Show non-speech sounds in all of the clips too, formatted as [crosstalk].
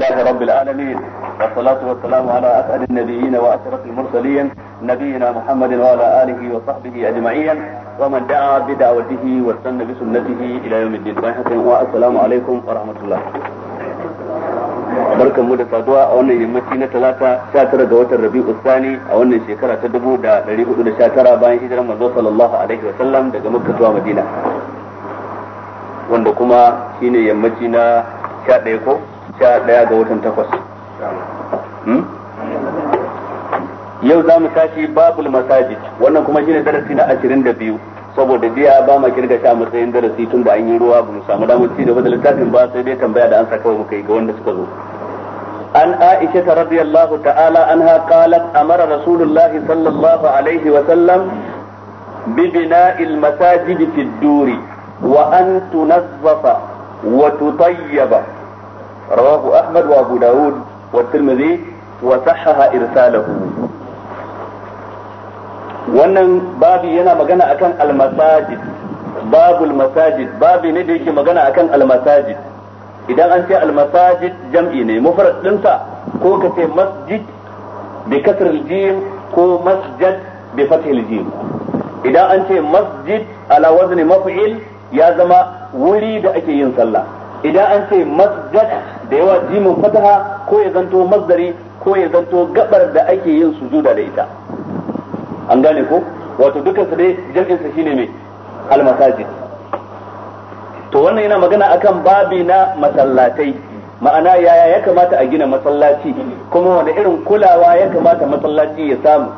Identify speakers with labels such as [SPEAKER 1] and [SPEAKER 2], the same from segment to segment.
[SPEAKER 1] لله رب
[SPEAKER 2] العالمين والصلاة والسلام على أسعد النبيين وأشرف المرسلين نبينا محمد وعلى آله وصحبه أجمعين ومن دعا بدعوته واستنى بسنته إلى يوم الدين والسلام عليكم ورحمة الله barkan mu da saduwa a wannan yammaci na talata 19 ga watan Rabi'u Sani a wannan shekara ta 1419 bayan hijirar manzo sallallahu alaihi wa sallam daga Makka zuwa Madina wanda kuma shine yammaci na 11 ko sha ɗaya ga watan takwas hmm? yau za mu tashi babul masajid wannan kuma ne darasi na ashirin da biyu saboda jiya ba ma kirga sha matsayin darasi tun da an yi ruwa ba mu samu damar ci gaba da littafin ba sai dai tambaya da ansa kawai muka yi ga wanda suka zo an aisha ta radiyallahu ta'ala anha qalat amara rasulullahi sallallahu alaihi wa sallam bi bina'il masajid fi duri wa an tunazzafa wa tutayyaba rawahu ahmad wa abu wa tirmidhi wannan babi yana magana akan almasajid babul masajid babi ne da yake magana akan almasajid idan an ce almasajid jam'i ne mufrad dinsa ko ka ce masjid bi kasr jim ko masjid bi fathil jim idan an ce masjid ala wazni maf'il ya zama wuri da ake yin sallah idan an ce masjid da yawa jimin fataha ko ya zanto mazdari ko ya zanto gabar da ake yin sujuda da ita an gane ko wato dukkan su dai jam'in sa shine mai almasajid to wannan yana magana akan babi na masallatai ma'ana yaya ya kamata a gina masallaci kuma wanda irin kulawa ya kamata masallaci ya samu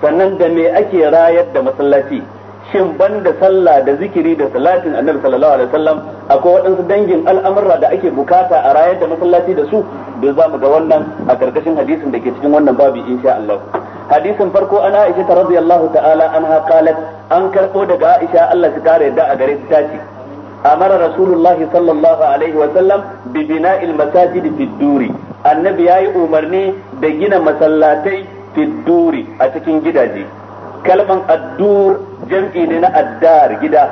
[SPEAKER 2] sannan da me ake rayar da masallaci shin banda sallah da zikiri da salatin annabi sallallahu alaihi wasallam akwai waɗansu dangin al'amurra da ake bukata a rayar da masallaci da su da za mu ga wannan a karkashin hadisin da ke cikin wannan babu insha Allah hadisin farko an Aisha ta radiyallahu ta'ala anha qalat an karɓo daga Aisha Allah su kare yadda a gare ta ce amara rasulullahi sallallahu alaihi wasallam bi bina'il masajid fi duri annabi yi umarni da gina masallatai fi duri a cikin gidaje kalman addur jam'i ne na addar gida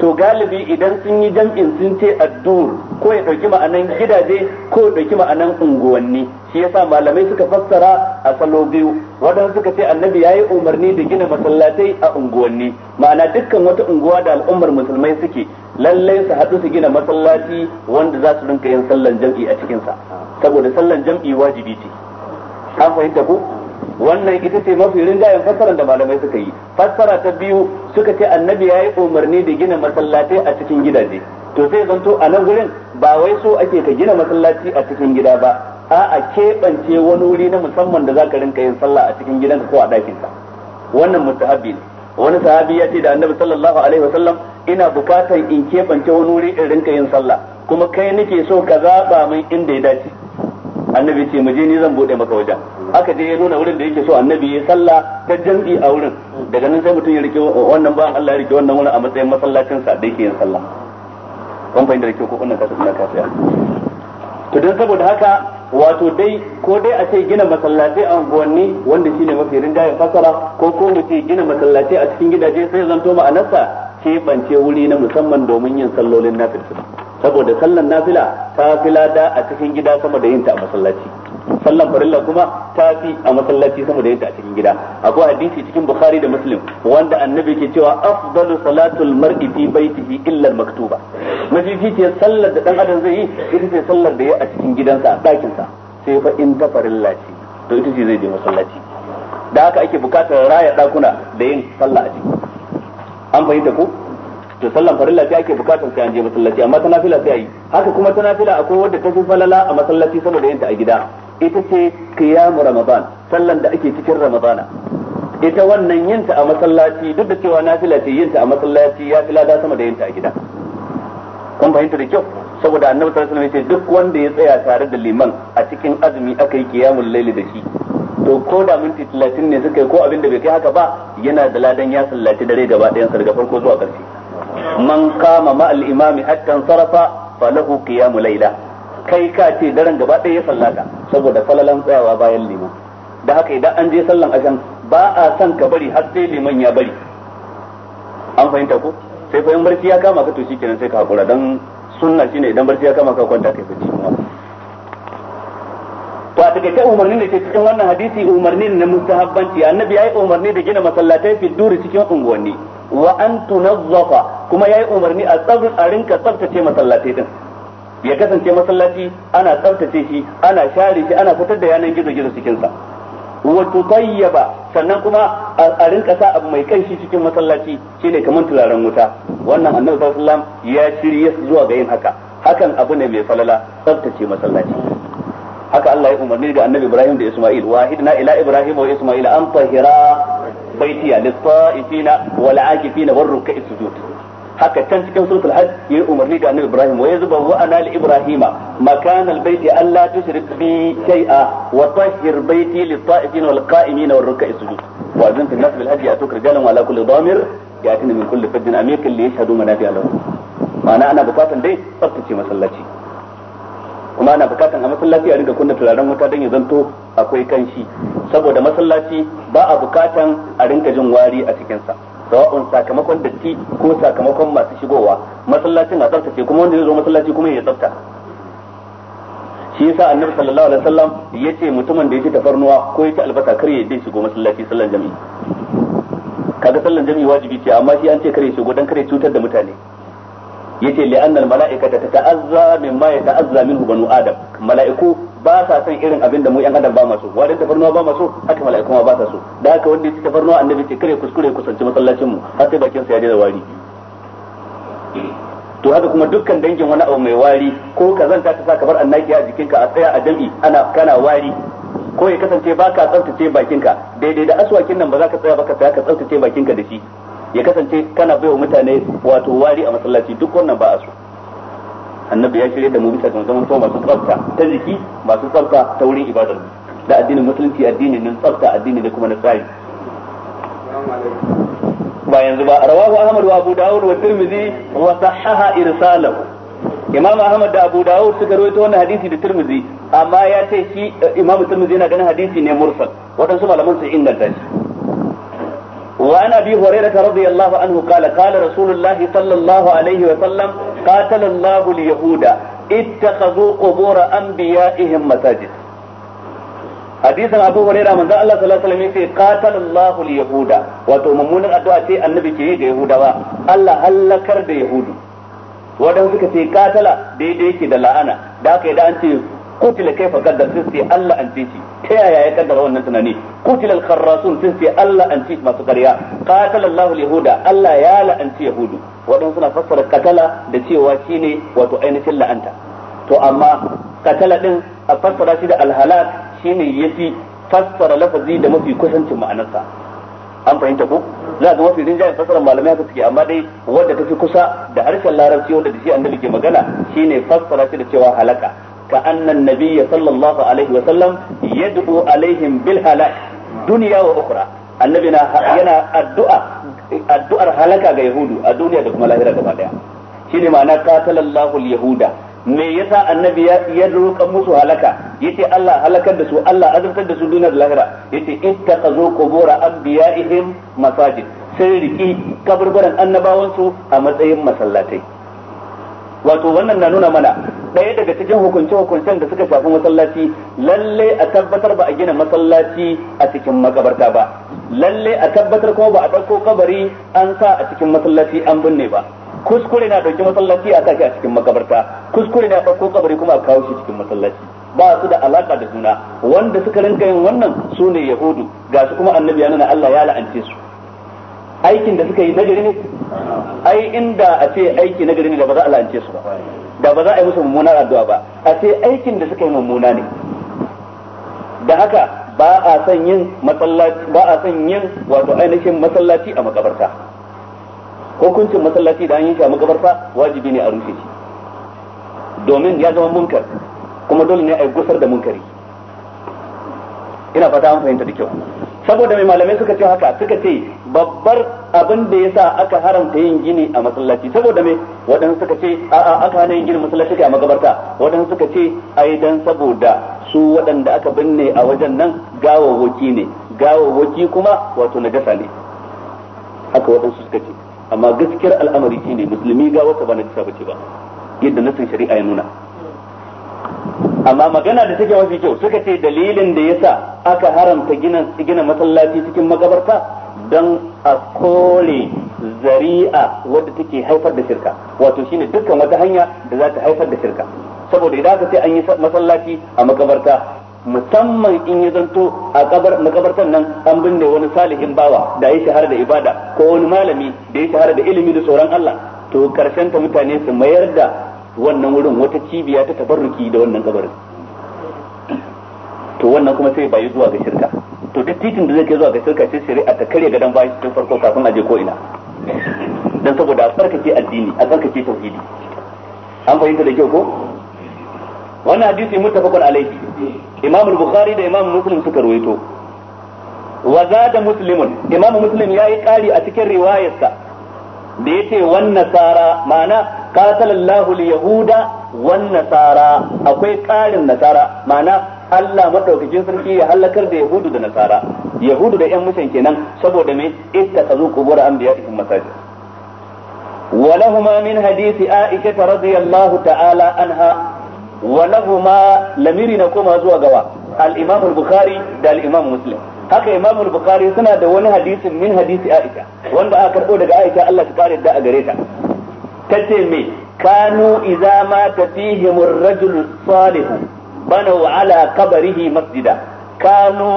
[SPEAKER 2] to galibi idan sun yi jam'in sun ce addur ko ya ɗauki ma'anan gidaje ko ya ɗauki ma'anan unguwanni shi yasa malamai suka fassara a salo biyu wadan suka ce annabi ya yi umarni da gina masallatai a unguwanni ma'ana dukkan wata unguwa da al'ummar musulmai suke lalle su haɗu su gina masallaci wanda za su rinka yin sallan jam'i a cikinsa saboda sallan jam'i wajibi ce an fahimta ku wannan ita ce mafi rinjayen fassarar da malamai suka yi fassara ta biyu suka ce annabi ya yi umarni da gina masallatai a cikin gidaje to sai zanto a nan gurin ba wai so ake ka gina masallaci a cikin gida ba a'a keɓance wani wuri na musamman da zaka rinka yin sallah a cikin gidanka ko a ɗakinka wannan mutahabbi ne wani sahabi ya ce da annabi sallallahu alaihi wasallam ina bukatar in keɓance wani wuri in rinka yin sallah kuma kai nake so ka zaɓa min inda ya dace annabi ce mu je ni zan buɗe maka wajen aka je ya nuna wurin da yake so annabi ya sallah ta jam'i a wurin daga nan sai mutum ya rike wannan bayan Allah ya rike wannan wurin a matsayin masallacin sa da yake yin sallah kun fahimta da ke ko wannan kasu ina kafiya to dan saboda haka wato dai ko dai a ce gina masallatai a unguwanni wanda shine mafi rinjayen fasara ko ko mu ce gina masallatai a cikin gidaje sai zanto ma'anarsa ke bance wuri na musamman domin yin sallolin nafil saboda sallan nafila ta fi lada a cikin gida sama da yinta a masallaci sallan farilla kuma ta fi a masallaci sama da yinta a cikin gida akwai hadisi cikin bukhari da muslim wanda annabi ke cewa afdalu salatul mar'i fi baitihi illa al-maktuba mafificiyar sallar da dan adam zai yi ita ce sallar da ya a cikin gidansa a dakin sa sai fa in ta farilla ce to ita ce zai je masallaci da haka ake bukatar raya dakuna da yin sallah a ciki an fahimta ko to sallan farilla sai ake bukatun sai an je masallaci amma tana fila sai ayi haka kuma tana fila akwai wanda ta fi falala a masallaci saboda yanta a gida ita ce qiyamu ramadan sallan da ake cikin ramadana ita wannan yin a masallaci duk da cewa nafila ce yin a masallaci ya fi lada sama da yin a gida kun fahimta da kyau saboda annabi sallallahu alaihi wasallam duk wanda ya tsaya tare da liman a cikin azumi aka yi qiyamul layli da shi to ko da minti 30 ne suka yi ko abin da bai kai haka ba yana da ladan ya sallaci dare gaba ɗayan sa daga farko zuwa ƙarshe man kama ma al-imami hatta sarafa falahu qiyamu layla kai ka ce daren gaba ɗaya ya sallaka saboda falalan tsayawa bayan liman da haka idan an je sallan ashan ba a san ka bari har sai liman ya bari an fahimta ko sai fa in barci ya kama ka to shikenan sai ka hakura dan sunna shine idan barci ya kama ka kwanta kai bacci kuma wa daga kai umarnin da ke cikin wannan hadisi umarnin na mustahabbanci annabi yayi umarni da gina masallatai fi duri cikin unguwanni wa an tunazzafa kuma yayi umarni a tsabin a rinka tsaftace masallatai din ya kasance masallaci ana tsaftace shi ana share shi ana fitar da yanan gizo gizo cikin sa wa tutayyaba sannan kuma a rinka sa abu mai kanshi cikin masallaci shine kamar turaren wuta wannan annabi sallallahu alaihi wasallam ya shirye zuwa ga yin haka hakan abu ne mai falala tsaftace masallaci haka Allah ya umarni ga annabi Ibrahim da Isma'il wahidna ila Ibrahim wa Isma'il an tahira baitiya lis-sa'ifina wal 'akifina war ruk'i sujud haka can cikin suratul hajj ya umarni ga annabi Ibrahim wa yazba wa ana li Ibrahima makan al-baiti alla tushrik bi shay'a wa tahhir baiti lis-sa'ifina wal qa'imina war ruk'i sujud wa azanta an-nas bil hajj yatuk rijalan wa ala kulli damir yatina min kulli fajjin amiq li yashhadu manafi'a lahum ma'ana ana bukatan dai tsaftace masallaci kuma ana bukatan a masallaci a riga kunna turaren wuta don ya zanto akwai kanshi saboda masallaci ba a bukatan a rinka jin wari a cikinsa sawa'un sakamakon datti ko sakamakon masu shigowa masallacin a tsaftace kuma wanda ya zo masallaci kuma ya tsafta shi yasa annabi sallallahu alaihi wasallam yace mutumin da yake tafarnuwa ko yake albasa kar ya shigo masallaci sallan jami'i kaga sallan jami'i wajibi ce amma shi an ce kare shigo dan kare cutar da mutane yace li annal mala'ikata tata'azza mimma yata'azza minhu banu adam mala'iku ba sa son irin abin da mu yan adam ba masu wadan tafarnuwa ba masu haka mala'iku ma ba sa so da haka wanda yace tafarnuwa annabi ce kare kuskure kusanci masallacin mu har sai bakin sa ya daina wari to haka kuma dukkan dangin wani abu mai wari ko zanta ta sa bar annaki a jikinka a tsaya a jam'i ana kana wari ko ya kasance ba ka tsaftace bakinka daidai da aswakin nan ba za ka tsaya ba ka tsaya ka tsaftace bakinka da shi ya kasance kana baiwa mutane wato wari a masallaci duk wannan ba a so annabi ya shirya da mu bisa ga zaman masu tsafta ta jiki masu tsafta ta wurin ibadar da addinin musulunci addini ne tsafta addini ne kuma na tsari ba yanzu ba rawahu ahmad wa abu dawud wa tirmidhi wa sahaha irsalahu imam ahmad da abu dawud suka rawaito wannan hadisi da tirmidhi amma ya ce shi imam tirmidhi yana ganin hadisi ne mursal wadansu malaman sun inganta shi وعن ابي هريره رضي الله عنه قال قال رسول الله صلى الله عليه وسلم قاتل الله اليهود اتخذوا قبور انبيائهم مساجد hadisin abu hurairah manzo Allah sallallahu alaihi wasallam yace qatalallahu al wato mummunar addu'a ce annabi ke yi ga yahudawa Allah halakar da yahudu wadanda suka ce katala daidai yake da la'ana da haka an ce kutila kaifa qaddar sai Allah an ce shi ta yaya ya kaddara wannan tunani qutila al-kharrasun sun ce Allah an ci masu ƙarya qatala Allahu al-yahuda Allah ya la'anci yahudu wadan suna fassara katala da cewa shine wato ainihin la'anta to amma katala din a fassara shi da al-halak shine yafi fassara lafazi da mafi kusancin ma'anarsa an fahimta ko za ga mafi rinjayen fassara malamai haka suke amma dai wadda ta fi kusa da harshen larabci wanda da shi annabi ke magana shine fassara shi da cewa halaka كأن النبي صلى الله عليه وسلم يدعو عليهم بالهلاك دنيا وأخرى النبي ينا الدعاء الدعاء هلكا يهود الدنيا دكما لا هيرا كما شيني معنى قاتل الله اليهود me yasa annabi ya ya roƙa musu halaka yace Allah halakar da su Allah azabtar da su duniya da lahira yace ittaqazu qubura anbiya'ihim masajid sai riki kaburburan annabawansu a matsayin masallatai wato wannan na nuna mana ɗaya daga cikin hukunce-hukuncen da suka shafi masallaci lalle a tabbatar ba a gina masallaci a cikin makabarta ba lalle a tabbatar kuma ba a ɗauko kabari an sa a cikin masallaci an binne ba kuskure na ɗauki masallaci a sa shi a cikin makabarta kuskure na ɗauko kabari kuma a kawo shi cikin masallaci ba su da alaka da juna wanda suka rinka yin wannan su ne yahudu ga su kuma annabi ya nuna Allah ya la'ance su aikin da suka yi nagari ne ai inda a ce aiki nagari ne da ba za a la'ance su ba da ba za a yi musu mummunar addu'a ba a ce aikin da suka yi mummuna ne da haka ba a son yin masallaci ba a son yin wato ainihin masallaci a makabarta hukuncin masallaci da an yi shi a makabarta wajibi ne a rushe shi domin ya zama munkar kuma dole ne a yi gusar da munkari ina fata an fahimta da kyau saboda mai malamai suka ce haka suka ce babbar abin da yasa aka haramta yin gini a masallaci saboda me waɗansu suka ce a'a aka hana yin gini masallaci kai a magabarta waɗansu suka ce ai dan saboda su waɗanda aka binne a wajen nan gawawoki ne gawawoki kuma wato na gasa ne haka waɗansu suka ce amma gaskiyar al'amari shine musulmi gawarsa ba najasa bace ba yadda nasin shari'a ya nuna amma magana da take mafi kyau suka ce dalilin da yasa aka haramta gina gina masallaci cikin makabarta don a kore zari'a wadda take haifar da shirka wato shine dukkan wata hanya da za ta haifar da shirka saboda idan aka ce an yi masallaci a makabarta musamman in ya zanto a kabar makabartar nan an binne wani salihin bawa da ya shahara da ibada ko wani malami da ya shahara da ilimi da tsoron Allah to karshen ta mutane su mayar da wannan wurin wata cibiya ta tabarruki da wannan kabarin to wannan kuma sai bayi zuwa ga shirka to duk titin da zai kai zuwa ga shirka sai shari'a ta karya gadon bayan tun farko kafin a je ko ina dan saboda a tsarkake addini a tsarkake tauhidi an fahimta da kyau ko wannan hadisi muttafaqun alayhi imam al-bukhari da imam muslim suka ruwaito wa zada muslimun imam muslim yayi kari a cikin riwayarsa da yace wannan sara ma'ana qatala Allahu al-yahuda wan nasara akwai karin nasara ma'ana Allah madaukakin sarki ya halakar da yahudu da nasara yahudu da yan mushin kenan saboda me ittakazu qubur anbiya'ihim masajid ولهما من حديث عائشة رضي الله تعالى عنها ولهما لميري نقوم zuwa gawa al-Imam al-Bukhari da al-Imam Muslim haka imam al suna da wani hadisin min hadisi aisha wanda aka karɓo daga aisha Allah ta kare da a gare ta tace me kanu idza ma fihim ar-rajul salih banu ala qabrihi masjida kanu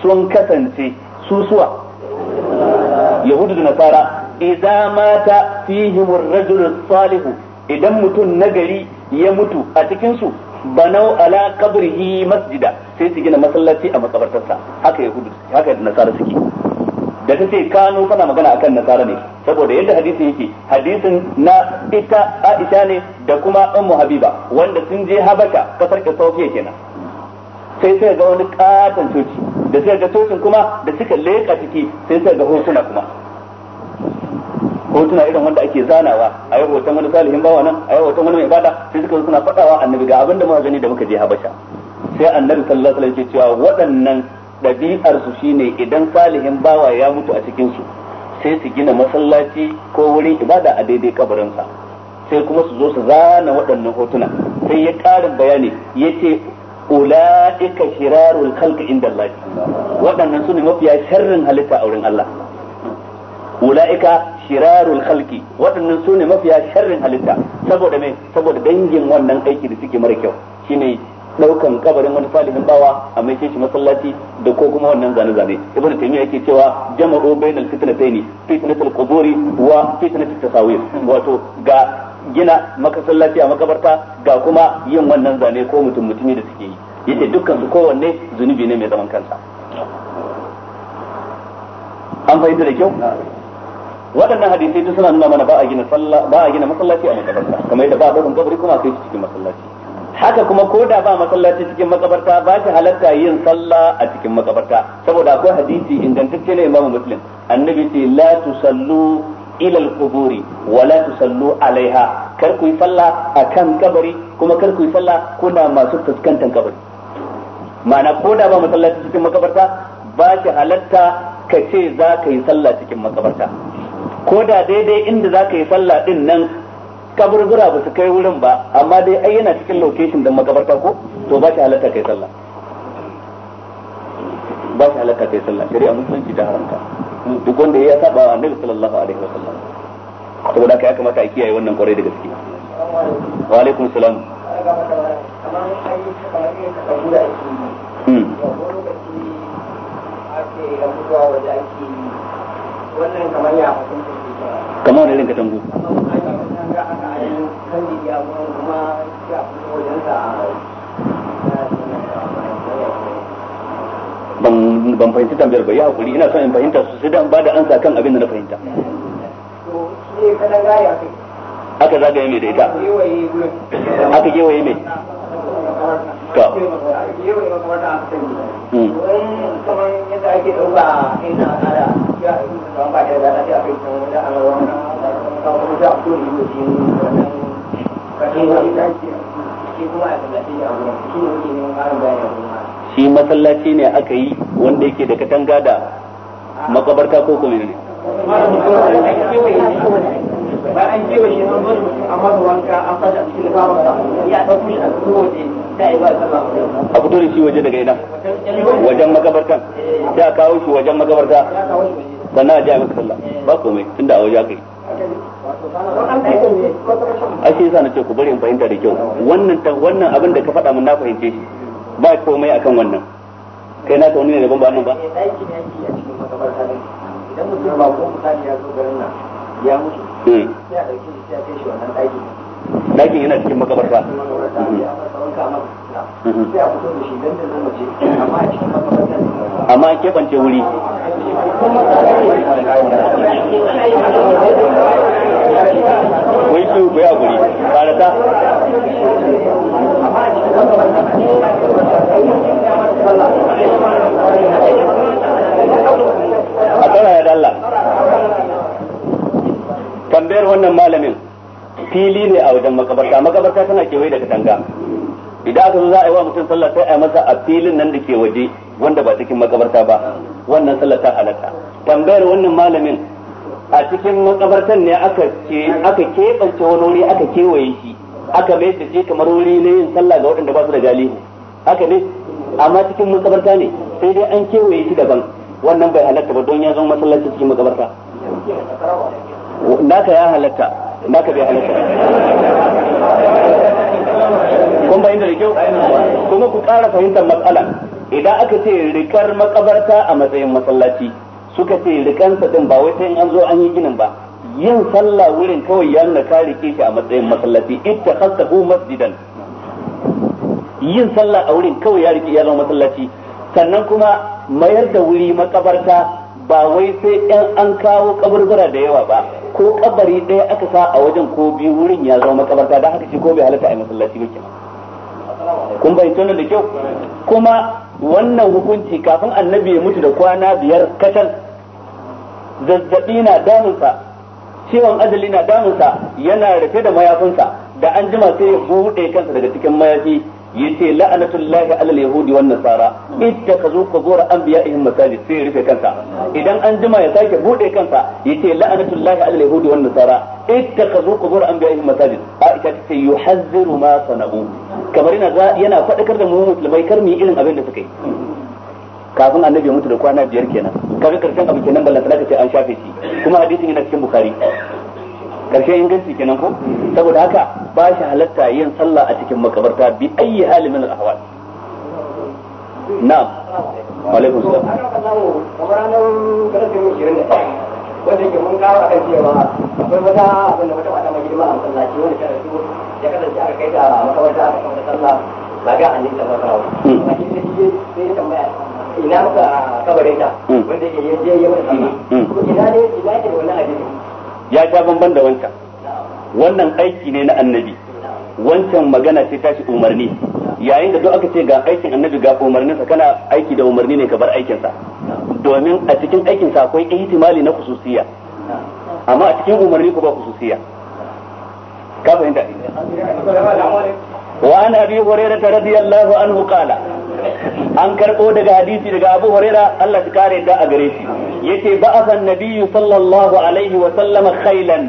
[SPEAKER 2] sun kasance susuwa yahudu da nasara idza mata fihim ar-rajul salih idan mutum nagari ya mutu a cikin su banau ala qabrihi masjida sai su gina masallaci a makabartarsa haka yahudu haka nasara suke da ta ce kano kana magana akan nasara ne saboda yadda hadisi yake hadisin na ita Aisha ne da kuma mu Habiba wanda sun je Habaka kasar Ethiopia kenan sai sai ga wani katon coci da sai ga cocin kuma da suka leƙa ciki sai sai ga hotuna kuma hotuna irin wanda ake zanawa a yi hoton wani salihin bawa nan a yi hoton wani mai bada sai suka suna faɗawa annabi ga abin da muka gani da muka je Habasha sai annabi sallallahu alaihi wasallam ya ce cewa waɗannan ɗabi'ar su shine idan salihin bawa ya mutu a cikin su sai su gina masallaci ko wurin ibada a daidai kabarinsa sai kuma su zo su zana waɗannan hotuna sai ya ƙarin bayani ya ce ula'ika shirarul khalqi inda Allah waɗannan su ne mafiya sharrin halitta a wurin Allah ula'ika shirarul khalqi waɗannan su ne mafiya sharrin halitta saboda me saboda dangin wannan aiki da suke mara kyau shine daukan kabarin wani salihin bawa a mai shi masallaci da ko kuma wannan zane zane ibnu taymiya yake cewa jama'u bainal fitina fitnatul quburi wa fitnatul tasawir wato ga gina makasallaci a makabarta ga kuma yin wannan zane ko mutum mutumi da suke yi yace dukkan su kowanne zunubi ne mai zaman kansa an fahimta da kyau waɗannan hadisai duk suna nuna mana ba a gina sallah ba a gina masallaci a makabarta kamar yadda ba a daukan kabari kuma a shi cikin masallaci haka kuma ko da ba masallaci cikin makabarta ba shi halatta yin sallah a cikin makabarta saboda akwai hadisi ingantacce na imamu muslim annabi ce la tusallu ilal wa la tusallu alaiha kar ku yi sallah akan kabari kuma kar ku yi sallah kuna masu fuskantar kabari ma'ana ko da ba masallaci cikin makabarta ba shi halatta ka ce za ka yi sallah cikin makabarta ko da daidai inda za ka yi sallah din nan kaburbura ba su kai wurin ba amma dai ai yana cikin location din makabarta ko to ba shi halatta kai sallah ba shi halatta kai sallah shari'a musulunci da haramta duk wanda ya saba wa annabi sallallahu alaihi wasallam saboda haka ya kamata a kiyaye wannan kwarai da gaske wa alaikum salam hmm. kamar wani rinka tambu
[SPEAKER 1] ga haka yin ya kuma sa
[SPEAKER 2] ban fahimci tambayar ba ya hakuri ina son fahimta su sai ba da ansa kan abin da na fahimta
[SPEAKER 1] to shi gaya kai
[SPEAKER 2] aka zagaye mai da ita aka kewaye mai
[SPEAKER 1] to hmm. a
[SPEAKER 2] shi masallaci ne aka yi wanda yake da katanga da makabarta ko kuma ne a
[SPEAKER 1] fito da
[SPEAKER 2] shi waje daga idan wajen makabartan sai kawo shi wajen makabarta sannan a ji sallah ba komai tunda a waje aka yi ake yasa na ce ku bari in fahimta da kyau wannan wannan abin da ka faɗa mun na fahimce shi ba komai akan wannan kai na wani ne daban ba nan ba eh,
[SPEAKER 1] idan mutum ba ko misali ya zo garin nan ya mutu hmm. sai a ɗauke shi sai a kai
[SPEAKER 2] shi wannan dakin yana cikin makabarta amma an keɓance wuri
[SPEAKER 1] wai su a ya guri farata.
[SPEAKER 2] a tsara ya dalla tambayar wannan malamin fili ne a wajen makabarta makabarta tana kewaye da katanga idan aka zo za a yi wa mutum sallah sai a yi masa a filin nan da ke waje wanda ba cikin makabarta ba wannan sallah ta halatta tambayar wannan malamin a cikin makabartan ne aka ke aka keɓance wani wuri aka kewaye shi aka mai da shi kamar wuri na yin sallah ga waɗanda ba su da galihu haka ne amma cikin makabarta ne sai dai an kewaye shi daban wannan bai halatta ba don ya zama masallaci cikin makabarta naka ya halatta naka bai halatta kun bayin da kyau kuma ku ƙara fahimtar matsala idan aka ce rikar makabarta a matsayin masallaci suka ce sa din ba wai sai an zo an yi ginin ba yin sallah wurin kawai ya nuna ka rike shi a matsayin masallaci ita khasahu masjidan yin sallah a wurin kawai ya rike ya zama masallaci sannan kuma mayar da wuri makabarta ba wai sai an kawo kaburbura da yawa ba ko kabari ɗaya aka sa a wajen ko biyu wurin ya zama makabarta don haka shi ko bai halatta a masallaci ba kenan kun bai tona da kyau kuma wannan hukunci kafin annabi ya mutu da kwana biyar kacal zazzabi na damunsa ciwon azali na damunsa yana rufe da mayafinsa da an jima sai ya buɗe kansa daga cikin mayafi yace la'anatullahi alal yahudi wan nasara ka gora anbiya'ihim masajid sai rufe kansa idan an jima ya sake bude kansa yace la'anatullahi alal yahudi wan nasara ka gora anbiya'ihim masajid aisha ce yuhazziru ma sanabu kamar yana yana fadakar da mu musulmai kar mu irin abin da suka yi kafin annabi ya mutu da kwana biyar kenan kaga karshen abu kenan sanaka ce an shafe shi kuma hadisin yana cikin bukhari karshen inganci kenan ko saboda haka ba shi halatta yin sallah a cikin makabarta bi ayi halimin min na'am wa alaikum salam a
[SPEAKER 1] masallaci wanda ta rasu ya kasance ina
[SPEAKER 2] ka kabarin hmm. wanda ke yaje ya sallah hmm.
[SPEAKER 1] Hmm. ina ne ina ne wani hadisi
[SPEAKER 2] ya sha bamban da wancan wannan aiki ne na annabi wancan magana ce tashi umarni yayin da duk aka ce ga aikin annabi ga umarninsa kana aiki da umarni ne ka bar aikinsa domin a cikin aikinsa akwai ihtimali na kususiya amma a cikin umarni ku ba kususiya ka fahimta wa an abi hurairah radiyallahu anhu qala an karɓo daga hadisi daga Abu Huraira Allah ya kare da a gare shi yace ba'athan nabiyyu sallallahu alaihi wa sallam khailan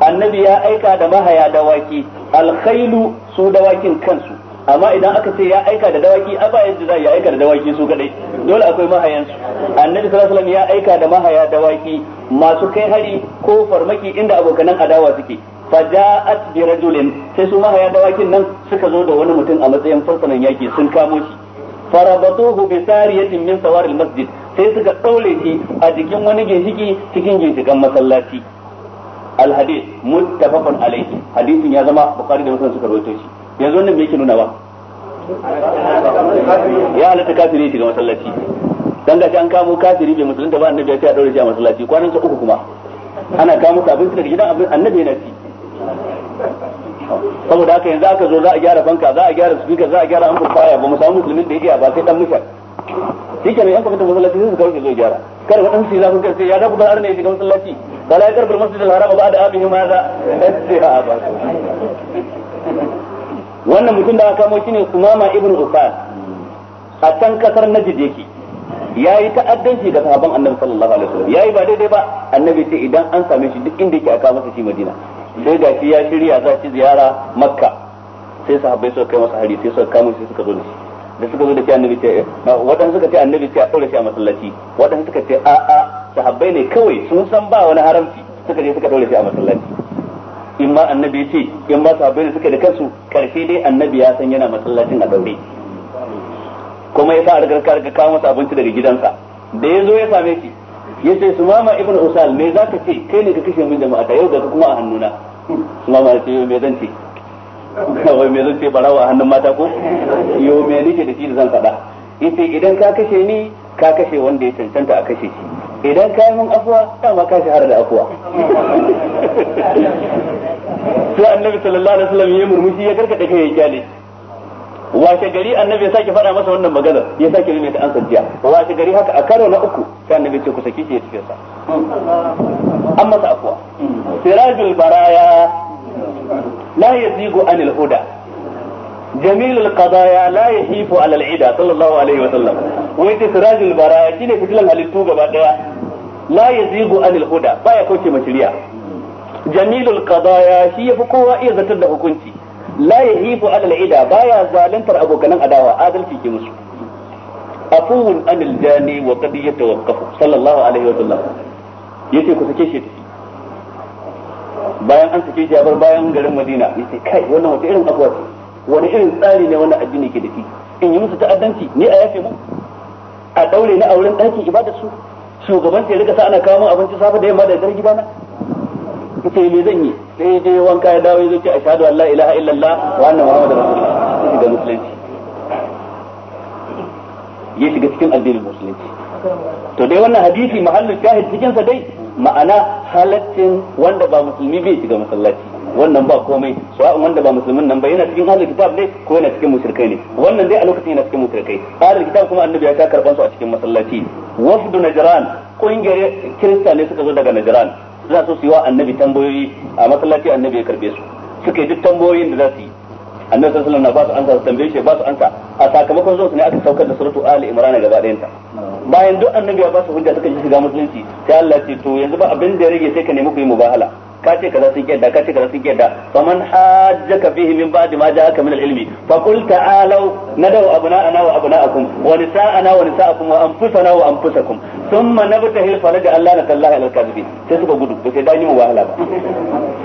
[SPEAKER 2] annabi ya aika da mahaya dawaki alkhailu su dawakin kansu amma idan aka ce ya aika da dawaki a ba yanzu zai ya aika da dawaki su kadai dole akwai mahayansu annabi sallallahu alaihi ya aika da mahaya dawaki masu kai hari ko farmaki inda abokanan adawa suke faja'at bi rajulin sai su mahaya dawakin nan suka zo da wani mutum a matsayin farsanan yaki sun kamo shi farabatuhu bi sariyatin min sawar masjid sai suka daure shi a jikin wani ginshiki cikin ginshikan masallaci al hadith muttafaqun alayhi hadisin ya zama bukhari da muslim suka rawaito shi yanzu wannan me yake nuna ba ya halatta kafiri shiga masallaci dan gashi an kamo kafiri bai da ba annabi ya ce a daure shi a masallaci kwanan sa uku kuma ana kamo abinci daga gidan annabi yana ci saboda haka yanzu aka zo za a gyara banka za a gyara speaker za a gyara an faya ba mu samu musulmin da ya iya ba sai dan mushar shi kenan yan kwamitin masallaci sai su kawo zo gyara kada wa dan za zafin kai sai ya da gudanar ne shiga masallaci da la yakar bil masjidil haram ba da abin ma za a ba wannan mutum da aka kamo shine Sumama ibn Usan a can kasar najid yake yayi ta'addanci ga sahabban Annabi sallallahu alaihi wasallam yayi ba daidai ba Annabi ce idan an same shi duk inda yake aka masa shi Madina sai ga shi ya shirya za shi ziyara makka sai su habbai suka kai masa hari sai suka kama sai suka zo da shi da suka zo da shi annabi ce waɗansu suka ce annabi ce a tsore shi a masallaci waɗansu suka ce a a sahabbai ne kawai sun san ba wani haramci suka je suka ɗaure shi a masallaci in ma annabi ya ce in ma sahabbai ne suka da kansu karfi dai annabi ya san yana masallacin a daure kuma ya sa a ka rigar kawo masa abinci daga gidansa da ya zo ya same shi yace mama ibnu usal me zaka ce kai ne ka kashe min jama'a ta yau ga kuma a hannuna su mama ce me zan ce [laughs] wai me zan ce barawa a hannun mata ko yo me nake da shi da zan faɗa yace idan ka kashe ni ka kashe wanda ya cancanta a kashe shi idan ka yi min afuwa dama ka shahara da afuwa [laughs] sai annabi sallallahu alaihi wasallam ya murmushi ya karkata kai ya kyale washe gari annabi ya sake faɗa masa wannan magana ya sake rime ta ansa jiya washe gari haka a karo na uku sai annabi ce ku saki shi ya cikin sa an masa afwa sirajul baraya la yazigu anil huda جميل القضايا لا يحيف على العدا صلى الله عليه وسلم وانت سراج البرايا شنو فتلن هلتو غبا ديا لا يزيغ عن الهدى بايا كوتي مشريا جميل القضايا شي يفي kowa iya zartar da hukunci la yahibu alal ida baya zalantar abokanan adawa adalci ke musu afuwun anil jani wa qad yatawaqqafu sallallahu alaihi wa sallam yace ku sake shi bayan an sake shi bayan garin Madina yace kai wannan wata irin abuwa ce wani irin tsari ne wannan addini ke da shi in yi musu ta'addanci ni a yafe mu a daure na auren ɗakin ibadar su shugaban ya rika sa ana kawo abinci safe da yamma da dare gidana yace me zan yi sai je wanka ya dawo zai ce ashhadu an la ilaha illallah wa anna muhammadar rasulullah shiga musulunci ya shiga cikin addinin musulunci to dai wannan hadisi mahallin shahid cikin sa dai ma'ana halaccin wanda ba musulmi bai shiga masallaci wannan ba komai sawa'un wanda ba musulmin nan ba yana cikin halin kitab ne ko yana cikin mushrikai ne wannan dai a lokacin yana cikin mushrikai halin kitab kuma annabi ya ta karban su a cikin masallaci wafdu najran kungiyar kirista ne suka zo daga najran za su yi wa annabi tambayoyi a masallaci annabi ya karbe su suka yi duk tambayoyin da za su yi annabi sallallahu alaihi wasallam na ba su ansa tambaye shi ba su ansa a sakamakon zuwa ne aka saukar da suratu ali imran gaba ɗayan ta bayan duk annabi ya ba su hujja suka ji shiga musulunci sai Allah ce to yanzu ba abin da ya rage sai ka nemi ku yi mubahala ka ce kaza sun kiyarda ka ce kaza sun kiyarda man hajjaka fihi min ba'di ma ja'aka min al-ilmi fa qul ta'alu nadaw abna'ana wa abna'akum wa nisa'ana wa nisa'akum wa anfusana wa anfusakum thumma nabtahil fa lada Allah natallahi al kadhibin sai suka gudu ba sai dani mu wahala ba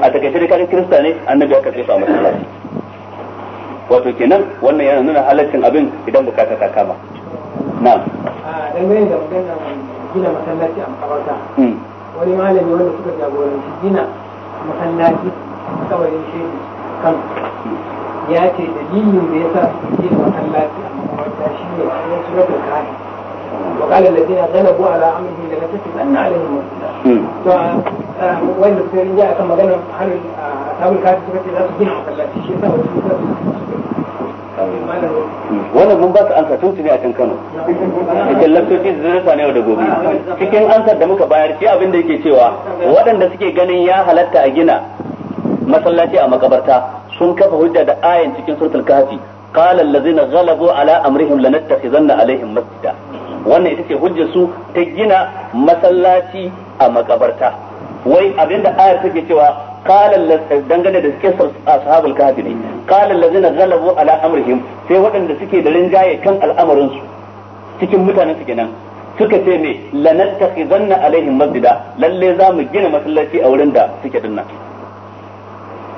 [SPEAKER 2] a take shi kaga kirista ne annabi aka sai su masallaci wato kenan wannan yana nuna halaccin abin idan bukata ta kama
[SPEAKER 1] na'am a dangane da magana gina masallaci a makabarta hmm. wani malami wanda suka jagoranci gina masallaci kawarin shehu kan ya ce dalilin da ya sa su ke masallaci a makaranta shi ne a yin suratul kafi wa qala alladhina ghalabu ala amrihim la tasibanna alaihim wasila hmm. to uh, wanda sai rinja akan maganar halin uh, ashabul kafi suka ce za su
[SPEAKER 2] gina masallaci shi yasa wasu suka wannan mun ba su ansa tun su ne a can Kano cikin lantarki su zurfa ne da gobe cikin ansar da muka bayar shi abin da yake cewa waɗanda suke ganin ya halatta a gina masallaci a makabarta sun kafa hujja da ayan cikin suratul kahfi qala allazina ghalabu ala amrihim lanattakhizanna alaihim masjida wannan ita ce hujjar su ta gina masallaci a makabarta wai abinda ayar take cewa qala dangane da kisar ashabul kahfi ne qala allazina ghalabu ala amrihim sai waɗanda suke da rinjaye kan al'amarin su cikin mutanen su kenan suka ce me lanattakhizanna alaihim masjida lalle za mu gina masallaci a wurin da suke dinnan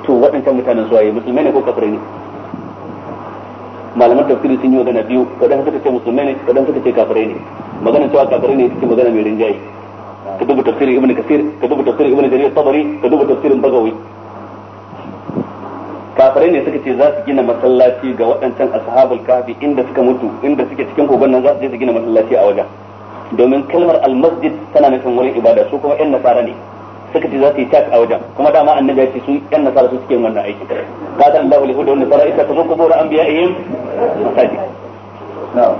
[SPEAKER 2] to waɗancan mutanen su waye musulmai ne ko kafirai ne malaman tafsiri sun yi magana biyu waɗanda suka ce musulmai ne waɗanda suka ce kafirai ne magana cewa kafirai ne ita magana mai rinjaye ka تفسير ابن كثير kasir تفسير ابن جرير الطبري jarir تفسير البغوي duba tafsirin bagawi kafirai ne suka ce za su gina masallaci ga waɗancan ashabul kahfi inda suka mutu inda suke cikin kogon nan za su je su gina masallaci a wajen domin kalmar almasjid tana nufin wurin ibada su kuma yan nasara ne suka ce za su yi tak a wajen kuma dama annabi ya ce su yan nasara su suke wannan aiki qala Allahu li hudu nasara isa kazo kubur anbiya'ihim masajid na'am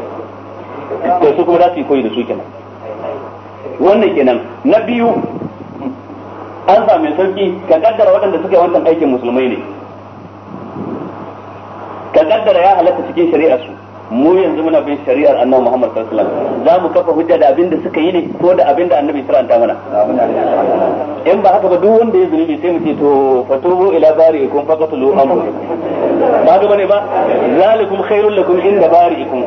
[SPEAKER 2] to su kuma za su yi koyi da su kenan wannan kenan na biyu an sami sauki ka kaddara waɗanda suke wannan aikin musulmai ne ka kaddara ya halatta cikin shari'a su mu yanzu muna bin shari'ar annabi Muhammad sallallahu alaihi wasallam za mu kafa hujja da abin da suka yi ne ko da abin da annabi shar'anta mana in ba haka ba duk wanda ya zunubi sai mu ce to fatubu ila bari'ikum faqatlu anfusakum ba ga bane ba zalikum khairul lakum inda bari'ikum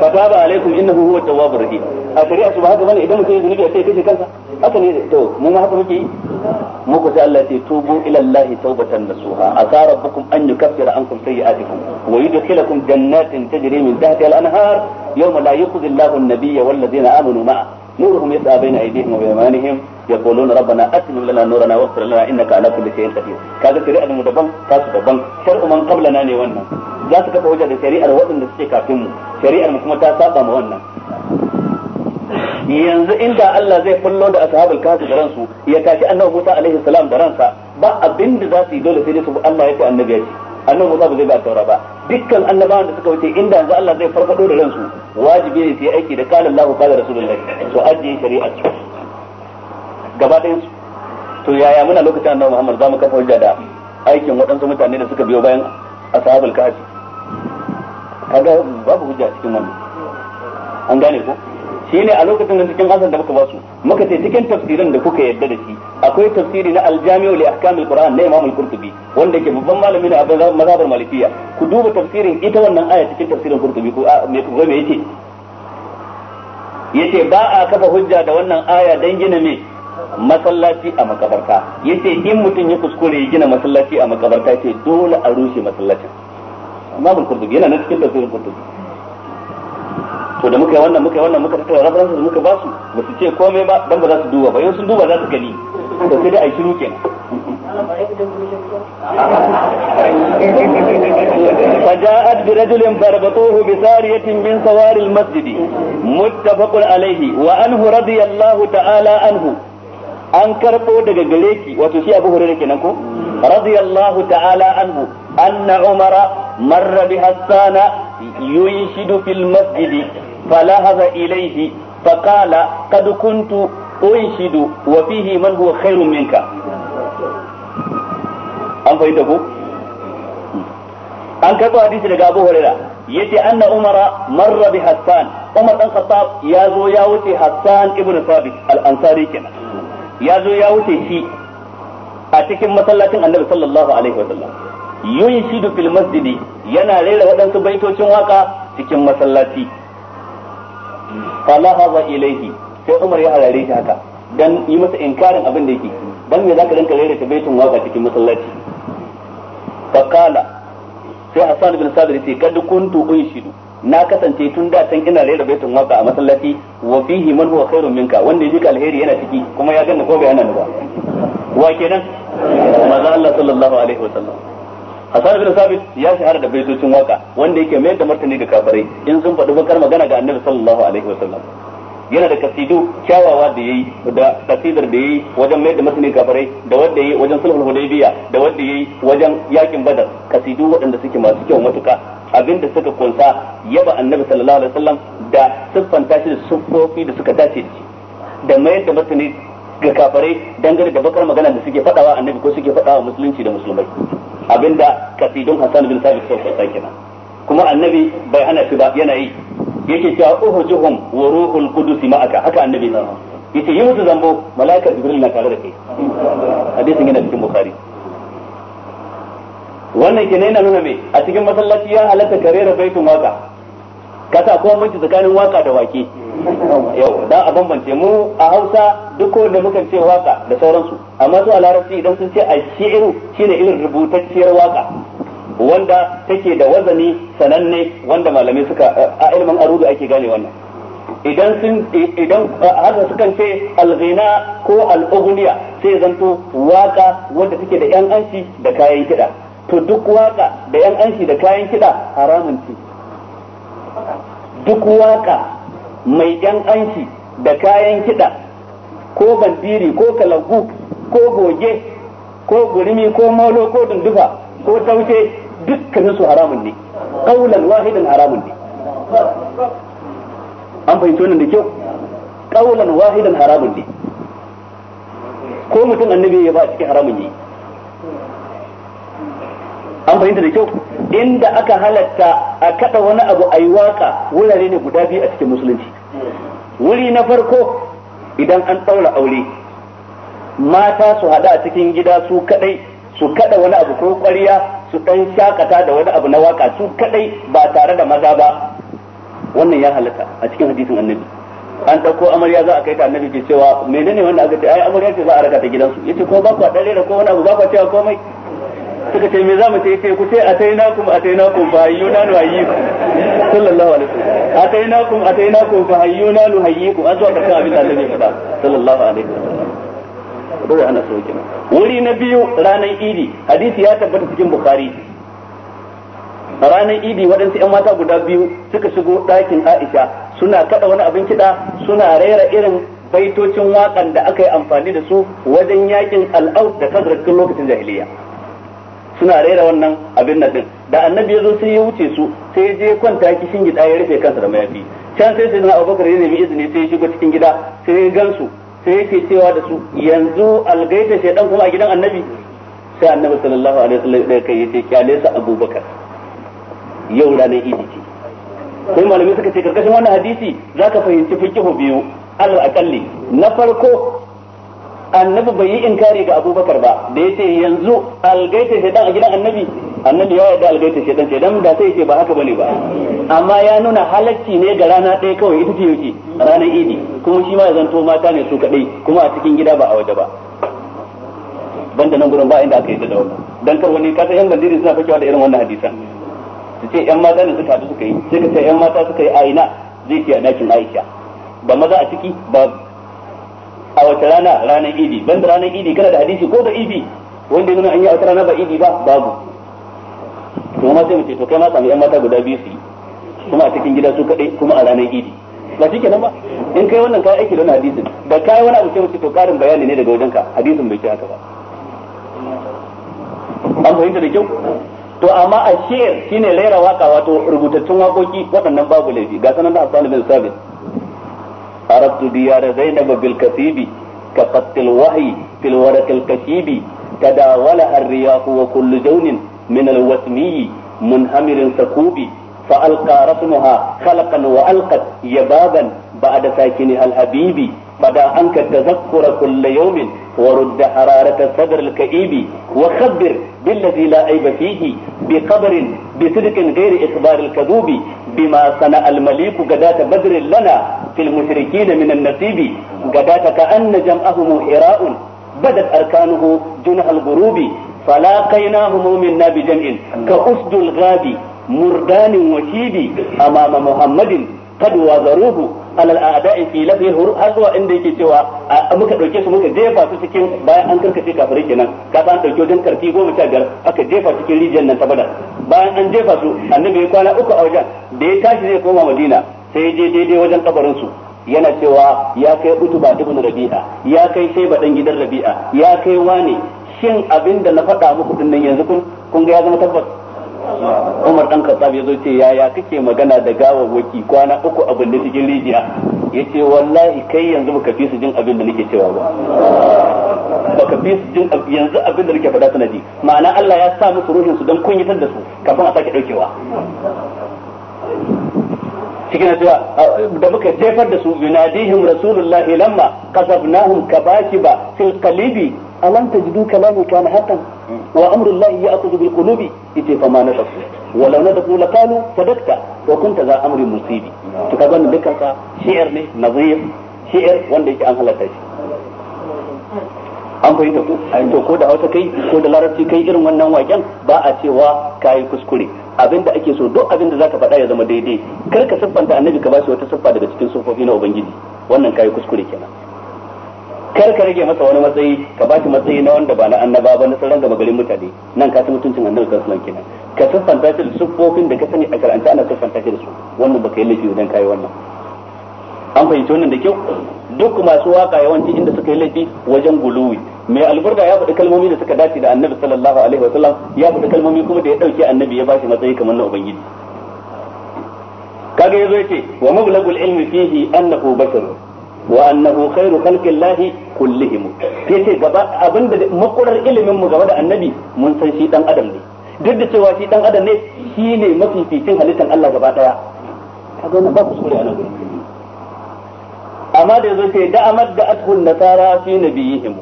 [SPEAKER 2] fataba alaikum innahu huwa at-tawwabur rahim a shari'a su ba haka bane idan mutum ya zunubi sai kashe kansa haka ne to mu ma haka muke yi mu ku sai Allah ya ce tubu ila Allah tawbatan nasuha asa rabbukum an yukaffira ankum sayyi'atikum wa yudkhilakum jannatin tajri min تهتي الأنهار يوم لا يخذ الله النبي والذين آمنوا معه نورهم يسعى بين أيديهم وبأيمانهم يقولون ربنا أتم لنا نورنا واغفر لنا إنك على كل شيء قدير كذا سريعة المدبن كاسو دبن شرع من قبلنا نيوانا ذاتك بوجه دي سريعة الوطن دي سيكا كم سريعة المكمتا ساقا موانا yanzu inda Allah zai kullo da ashabul kafir da ya tashi annabi Musa alaihi salam da ransa ba abin da za su yi dole sai annabi Musa ba zai ba taura ba dukkan annabawan da suka wuce inda yanzu Allah zai farfado da ransu wajibi ne su yi aiki da Allah Allahu da rasulullahi to ajiye shari'a su gaba ɗayan su to yaya muna lokacin annabi Muhammad zamu kafa hujja da aikin waɗansu mutane da suka biyo bayan ashabul kahfi kaga babu hujja cikin wannan an gane ko shine a lokacin da cikin asan da muka ba su muka ce cikin tafsirin da kuka yadda da shi akwai tafsiri na aljami'u li ahkamil qur'an na imam al-qurtubi wanda yake babban malami ne a mazhabar malikiya ku duba tafsirin ita wannan aya cikin tafsirin qurtubi ko me ku me yake yace ba a kafa hujja da wannan aya dan gina me masallaci a makabarta yace in mutum ya kuskure ya gina masallaci a makabarta yace dole a rushe masallacin imam al-qurtubi yana nan cikin tafsirin qurtubi to da muka yi wannan muka yi wannan muka tattara references muka ba su ba su ce komai ba dan ba za su duba ba yau sun duba za su gani to sai dai ai shiru kenan فجاءت برجل بربطوه بسارية من سوار المسجد متفق عليه وأنه رضي الله تعالى عنه an karɓo daga gare ki wato shi abu hurairah kenan ko radiyallahu ta'ala anhu anna umara marra bi hassana yunshidu fil masjid falahaza ilayhi faqala oyishidu wa fihi man huwa khairun minka an fahimta ko an karɓo hadisi daga Abu Huraira yace anna Umara marra bi Hassan Umar dan Khattab ya zo ya wuce Hassan ibn Thabit al-Ansari kenan ya zo ya wuce shi a cikin masallacin Annabi sallallahu alaihi wasallam yunshidu fil masjidi yana rera waɗansu baitocin waka cikin masallaci falahaza ilaihi sai Umar ya alare shi haka dan yi masa inkarin abin da yake ban me zaka rinka rera ta baitun waka cikin masallaci fa qala sai Hassan bin Sabir yace kad kuntu unshidu na kasance tun da can ina rera baitun waka a masallaci wa fihi man huwa khairun minka wanda yake alheri yana ciki kuma ya ganna ko bai yana ni ba wa kenan manzo Allah sallallahu alaihi wasallam Hassan bin Sabit ya shahara da baitocin waka wanda yake mayar da martani ga kafirai in sun faɗi bakar magana ga Annabi sallallahu alaihi wasallam yana da kasidu kyawawa da yayi da kasidar da yayi wajen mai da musulmi kafirai da wanda yayi wajen sulhul hudaybiya da wanda yayi wajen yakin badar kasidu waɗanda suke masu kyau matuka abinda suka kunsa yaba annabi sallallahu alaihi wasallam da siffanta shi da sufofi da suka dace da shi da mayar da musulmi ga kafirai dangane da bakar magana da suke fadawa annabi ko suke fadawa musulunci da musulmai abinda kasidun Hassan bin Sabit sai kenan kuma annabi bai hana shi ba yana yi yake cewa juhum wa ruhul qudus ma'aka haka annabi yace yi musu zambo malaika jibril na tare da kai hadisin yana cikin bukhari wannan ke ne na nuna me a cikin masallaci ya halatta karera baitin waka kasa ko mun ci tsakanin waka da wake yau dan a bambance mu a Hausa duk ko da mukan ce waka da sauransu amma su a Larabci idan sun ce ashiru shine irin rubutacciyar waka wanda take da wazani sananne wanda malamai suka a ilmin arudu ake gane wannan idan sun idan haka sukan ce alghina ko al'ughniya sai zanto waka wanda take da yan anshi da kayan kida to duk waka da yan anshi da kayan kida haramun ce duk waka mai yan anshi da kayan kida ko bandiri ko kalagu ko goge ko gurimi ko molo ko dundufa ko taushe dukkanin su haramun ne qaulan wahidan haramun ne an fahimci wannan da kyau qaulan wahidan haramun ne ko mutum annabi ya ba cikin haramun ne an fahimta da kyau inda aka halatta a kada wani abu a yi waka wurare ne guda biyu a cikin musulunci wuri na farko idan an ɗaura aure mata su hada a cikin gida su kadai su kada wani abu ko ƙwarya su ɗan shakata da wani abu na waka su kadai ba tare da maza ba wannan ya halatta a cikin hadisin annabi an dauko amarya za a kai ta annabi ke cewa menene wannan aka ce ai amarya ce za a raka ta gidansu yace ko ba ku ɗare da ko wani abu ba ku cewa komai suka ce me za mu ce yace ku ce a a atainakum atainakum fa na nuhayyi ku sallallahu alaihi wasallam atainakum atainakum fa nuhayyi ku an zo ka abin da annabi ya faɗa sallallahu alaihi wasallam wuri na biyu ranar idi hadisi ya tabbata cikin bukhari ranar idi waɗansu 'yan mata guda biyu suka shigo ɗakin aisha suna kada wani abin kiɗa suna raira irin baitocin waƙan da aka yi amfani da su wajen yakin al'aut da tun lokacin jahiliya suna raira wannan abin nan din da annabi ya zo sai ya wuce su sai ya je kwanta kishin gida ya rufe kansa da mayafi can sai sai na abubakar ya nemi izini sai ya shigo cikin gida sai ya gansu sai yake cewa da su yanzu algaita shaidan kuma a gidan annabi sai annabi sallallahu alaihi wasallam da kai yace kyale sa abubakar yau ranar idi ce sai malami suka ce karkashin wannan hadisi zaka fahimci fikihu biyu alal akalli na farko annabi bai yi inkari ga abubakar ba da ya ce yanzu algaita shaidan a gidan annabi annabi ya yarda algaita shaidan shaidan da sai ce ba haka bane ba amma ya nuna halacci ne ga rana ɗaya kawai ita ce yauki ranar idi kuma shi ma ya zanto mata ne su kaɗai kuma a cikin gida ba a waje ba banda nan gurin ba inda aka yi da wannan dan kar wani kasa yan bandiri suna fakewa da irin wannan hadisan su ce yan mata ne suka haɗu suka yi sai ka ce yan mata suka yi aina zai ce a dakin Aisha ba maza a ciki ba a wace rana ranar idi ban da ranar idi kana da hadisi ko da idi wanda nuna an yi a rana ba idi ba babu to ma sai mu ce to kai ma sami yan mata guda biyu su yi kuma a cikin gida su kadai kuma a ranar idi ba shi kenan ba in kai wannan kai aiki don hadisin da kai wani abu sai mu ce to karin bayani ne daga wajenka hadisin bai ce haka ba an fahimta da kyau to amma a shi shine rera waka wato rubutattun wakoki waɗannan babu laifi ga sanan da Hassan bin Sabit أردت ديار زينب بالكثيب كقط الوحي في الورق الكتيب تداولها الرياح وكل زون من الوسمي منهمر سكوب فألقى رسمها خلقا وألقت يبابا بعد ساكنها الأبيب بدا أنك تذكر كل يوم ورد حرارة الصدر الكئيب وخبر بالذي لا عيب فيه بقبر بصدق غير إخبار الكذوب بما صنع المليك قداة بدر لنا fil na min an-nasibi ka anna jam'ahum ira'un badat arkanuhu junah al-ghurubi فلاقيناهم منا بجمع كأسد الغاب مردان وشيب أمام محمد قد وزروه على الأعداء في لفه الهروب هل هو عندك سوى muka ɗauke su muka jefa su cikin bayan an karkace kafirai kenan ka san ɗauke wajen karfi goma sha biyar aka jefa cikin rijiyar nan ta bayan an jefa su annabi ya kwana uku a wajen da ya tashi zai koma madina sai je daidai wajen kabarin su yana cewa ya kai utuba ibn rabi'a ya kai shaiba dan gidan rabi'a ya kai wane shin abin da na faɗa muku din nan yanzu kun kun ga ya zama tabbas Umar dan Khattab ya zo ce ya kake magana da gawawwaki kwana uku abin da cikin rijiya yace wallahi kai yanzu baka fi su jin abin da nake cewa ba baka fi su jin yanzu abin da nake faɗa sanadi ma'ana Allah ya sa muku ruhin su dan kunyatar da su kafin a sake daukewa cikin cewa da muka jefar da su yunadihim rasulullahi lamma kasabnahum kabashiba fil qalibi alam tajidu kalamu kana haqqan wa amru allahi ya'khudhu bil qulubi ite fa ma nasu wa law nadafu la qalu sadaqta wa kunta za amri musibi to kaga wannan dukkan sa shi'ar ne nazir shi'ar wanda yake an halatta shi an fahimta ko ko da hausa kai ko da larabci kai irin wannan waken ba a cewa kai kuskure abinda ake so duk abinda zaka faɗa ya zama daidai kar ka siffanta annabi ka bashi wata siffa daga cikin sufofi na ubangiji wannan kai kuskure kenan kar ka rage masa wani matsayi ka ba shi matsayi na wanda ba na annaba ba na sauran da magarin mutane nan ka ci mutuncin annabi sunan kenan ka siffanta shi da siffofin da ka sani a karanta ana siffanta shi da su wannan baka yi laifi idan kai wannan an fahimci wannan da kyau duk masu waka yawanci inda suka yi laifi wajen guluwi mai alburda ya faɗi kalmomi da suka dace da annabi sallallahu alaihi wa sallam ya faɗi kalmomi kuma da ya ɗauki annabi ya bashi matsayi kamar na ubangiji kaga yazo yace wa mablagul ilmi fihi annahu bashar wa annahu khairu llahi kullihim yace gaba abinda makurar ilimin mu gaba da annabi mun san shi dan adam ne duk da cewa shi dan adam ne shine mafificin halittar Allah gaba daya kaga wannan ba kuskure a nan amma da yazo ce amad da athun nasara fi nabiyihim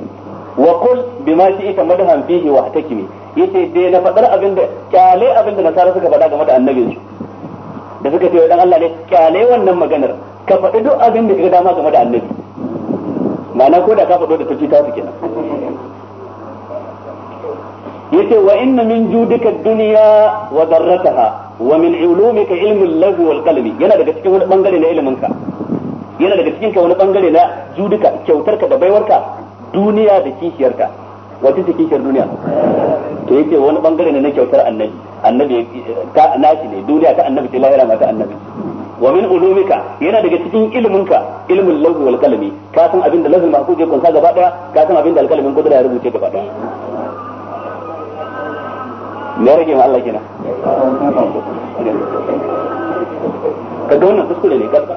[SPEAKER 2] wa qul bima ita madahan fihi wa hatakimi yace dai na fadar abinda kyale abinda nasara suka fada game da su da suka ce dan Allah ne kyale wannan maganar ka fadi duk abin da kaga dama game da annabi ma'ana ko da ka fado da tafi tafi kenan yace wa inna min judika dunya wa darrataha wa min ulumika ilmul lahu wal qalbi yana daga cikin wani bangare na ilimin ka yana daga cikin ka wani bangare na judika kyautarka da baiwarka duniya da kishiyarta wata ce kishiyar duniya to yake wani bangare ne na kyautar annabi annabi ta nashi ne duniya ta annabi ce lahira ma ta annabi wa min ulumika yana daga cikin ilminka ilmin lahu wal kalami ka san abin da lawhul mahfuz ya kunsa gaba daya ka san abin da alqalamin kudura ya rubuce gaba daya ne rage ma Allah kina ka ga wannan kuskure ne karka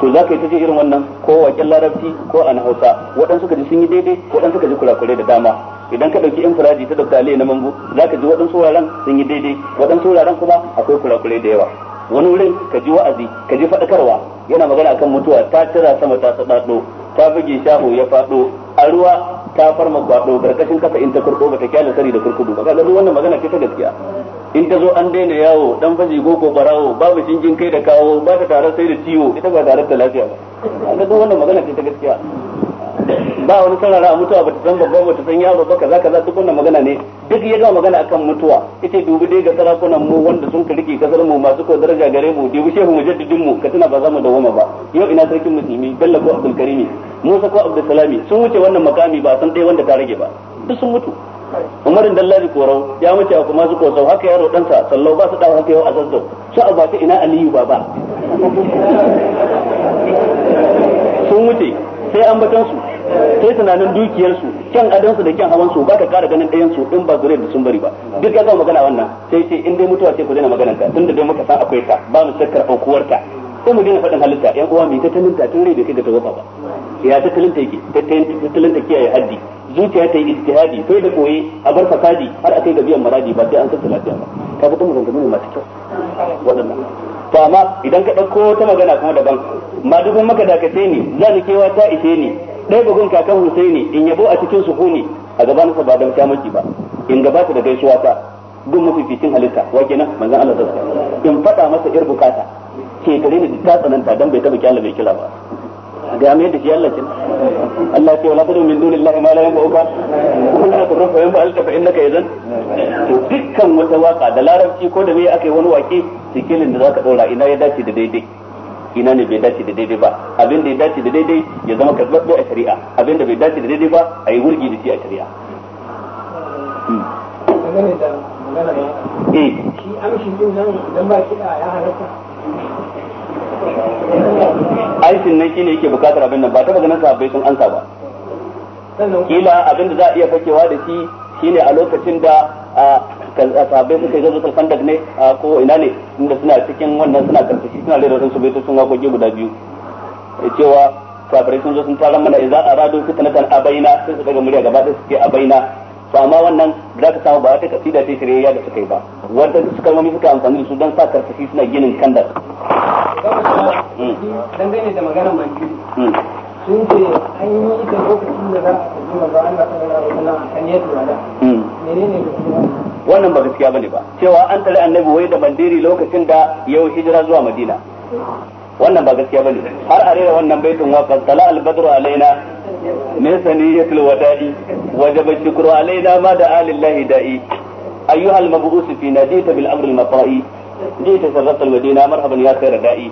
[SPEAKER 2] to za ka yi ta je irin wannan ko waƙen larabci ko an hausa waɗansu ka ji sun yi daidai waɗansu ka ji kurakure da dama idan ka ɗauki infiraji ta dr aliyu na mambu za ka ji waɗansu wuraren sun yi daidai waɗansu wuraren kuma akwai kurakure da yawa wani wurin ka ji wa'azi ka ji faɗakarwa yana magana akan mutuwa ta tira sama ta saɗaɗo ta buge shaho ya faɗo a ruwa ta farma kwaɗo karkashin kafa in ta kurɗo ba ta kyale sari da kurkudu ba kaga wannan magana ce ta gaskiya in ta zo an daina yawo dan faji ko ko barawo babu shingin kai da kawo ba ta tare sai da ciwo ita ba tare da lafiya ba an ga duk wannan magana ce ta gaskiya ba wani sarara a mutuwa ta san babban bata san yaro ba kaza kaza duk wannan magana ne duk ya ga magana akan mutuwa ita dubi dai ga sarakunan mu wanda sun rike kasar mu masu ko daraja gare mu dubi shehu mujaddidin mu ka tuna ba za mu dawoma ba yau ina sarkin musulmi bello ko abdul karimi musa ko abdul salami sun wuce wannan makami ba san dai wanda ta rage ba duk sun mutu umarin dallari korau ya mace a kuma su sau haka yaro ɗansa sallau ba su dawo haka yau a zazzau su a bata ina aliyu ba ba sun wuce sai an batansu sai tunanin dukiyarsu kyan adansu da kyan hawansu ba ka kara ganin ɗayansu in ba zure da sun bari ba duk ya gama magana wannan sai ce in dai mutuwa ce ku daina maganar tun da dai muka san akwai ta ba mu shakkar aukuwar ta sai mu daina faɗin halitta yan uwa mai tattalin ta tun rai da kai da ta ba ya tattalin ta yake tattalin ta kiyaye haddi zuciya ta yi istihadi sai da koye a bar fasadi har a kai ga biyan maradi ba sai an san lafiya ba ka fito maganganu ne masu kyau waɗannan to amma idan ka ɗauko ta magana kuma daban ma dukun maka sai ne zani kewa ta ishe ne ɗaya bugun kakan husaini in yabo a cikin suhuni a gaban sa ba don kyamaki ba in gabata da gaisuwa ta gun mafificin halitta wa kenan manzon Allah sallallahu alaihi in faɗa masa irbukata bukata gare ni ta tsananta dan bai taba kyalle mai kila ba ga mai da shi Allah kin Allah ya ce wala tadu min dunillahi ma la fa innaka idan to wata waka da larabci ko da me akai wani wake sikilin da zaka daura ina ya dace da daidai ina ne bai dace da daidai ba abin da ya dace da daidai ya zama karɓaɓɓe a shari'a abin da bai dace da daidai ba a yi wurgi da shi a shari'a
[SPEAKER 1] hmm. eh. shi amshin din nan idan ba ya halatta
[SPEAKER 2] aikin nan shine yake bukatar abin nan ba ta maganar sahabbai sun ansa ba kila abin da za a iya fakewa da shi shine a lokacin da sahabbai suka yi zazu kalfandak ne ko ina ne inda suna cikin wannan suna karkashi suna rera sun subaito sun wakoki guda biyu cewa kafirai sun zo sun tara mana idan a aradu fitnatan abaina sai su daga murya gaba da suke abaina to amma wannan za ka samu ba wata kasida ce shirye da suka yi ba wanda su kalmomi suka amfani da su don sa karkashi suna ginin kandar mm.
[SPEAKER 1] dangane da maganar manjuri mm. sun ce an yi ta lokacin da za
[SPEAKER 2] a tafi maza Allah sallallahu alaihi wasallam kan yadda wada mm. menene wannan ba gaskiya bane ba cewa an tare annabi waye da mandiri lokacin da yau hijira zuwa madina wannan ba gaskiya bane har a rera wannan baitin wa qad tala al badru alaina min saniyatil wada'i wajaba shukru alaina ma da alillahi da'i ayyuha al fi nadita bil amr almata'i matai jita sarrafa al-madina marhaban ya khayra da'i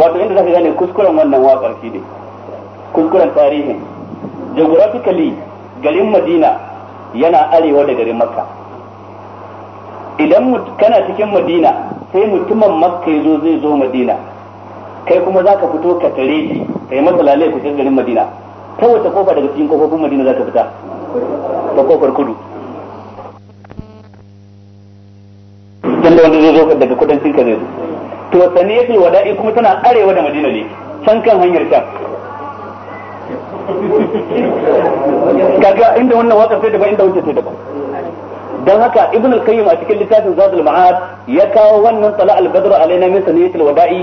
[SPEAKER 2] wato inda zaka gane kuskuren wannan waƙar shi ne kuskuren tarihi geographically garin madina yana arewa da garin makka idan kana cikin madina sai mutumin makka ya zo zai zo madina kai kuma za ka fito ka tare shi kai masa lalai ku garin madina kowace kofa daga cikin kofofin madina za zaka fita ta kofar kudu tunda wanda zai zo daga kudancin ka zai to sani ya fi wada'i kuma tana arewa da madina ne can kan hanyar ta kaga inda wannan waka sai daban inda wancan sai daban dan haka ibn al-qayyim a cikin littafin zadul ma'ad ya kawo wannan tala al-badr alaina min sani saniyatul wada'i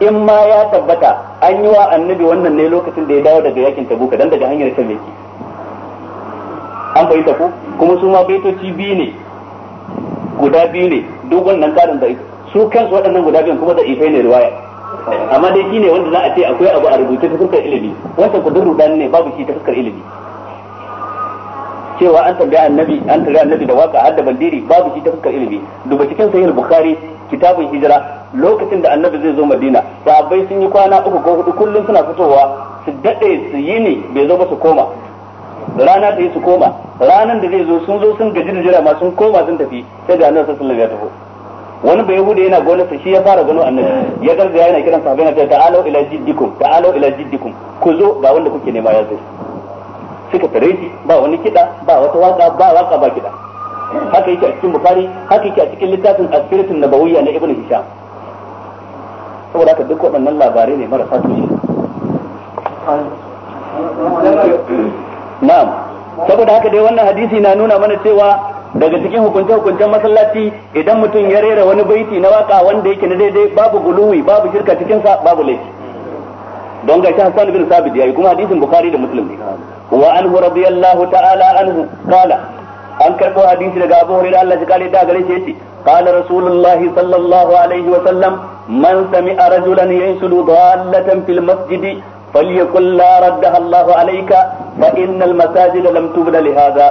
[SPEAKER 2] in ma ya tabbata an yi wa annabi wannan ne lokacin da ya dawo daga yakin tabuka dan daga hanyar shan yake an bai ko kuma su ma baitoci biyu ne guda biyu ne duk wannan karin da su kansu waɗannan guda biyu kuma da ifai ne riwaya amma dai shine wanda za a ce akwai abu a rubuce ta fuskar ilimi wancan kudin rudan ne babu shi ta fuskar ilimi cewa an tambaya annabi an tambaya annabi da waka hadda bandiri babu shi ta fuskar ilimi duba cikin sahih bukhari kitabun hijira lokacin da annabi zai zo madina sahabbai sun yi kwana uku ko hudu kullum suna fitowa su dade su yi ne bai zo ba su koma rana ta yi su koma ranan da zai zo sun zo sun gaji da jira ma sun koma sun tafi sai da annabi sallallahu alaihi wasallam wani bai yahuda yana gona sa shi ya fara gano annabi ya garga yana kiran sahabbai na ta ta'alu ila jiddikum ta'alu ila jiddikum ku zo ga wanda kuke nema ya zo suka tare shi ba wani kida ba wata waka ba waka ba kida haka yake a cikin bukari haka yake a cikin littafin asiratun nabawiyya na ibnu hisham saboda haka duk waɗannan labarai ne marasa tushe na'am saboda haka dai wannan hadisi na nuna mana cewa daga cikin hukunce-hukuncen masallaci idan mutum ya rera wani baiti na waka wanda yake na daidai babu guluwi babu shirka cikinsa babu laifi don gaishe Hassan bin Sabit yi kuma hadisin bukari da Muslim ne wa anhu radiyallahu ta'ala anhu qala an karbo hadisi daga Abu Hurairah Allah shi kare da gare shi yace qala rasulullah sallallahu alaihi wa sallam man sami'a rajulan yanshulu dallatan fil masjid falyakul la raddaha Allah alayka fa innal masajida lam tubda li hadha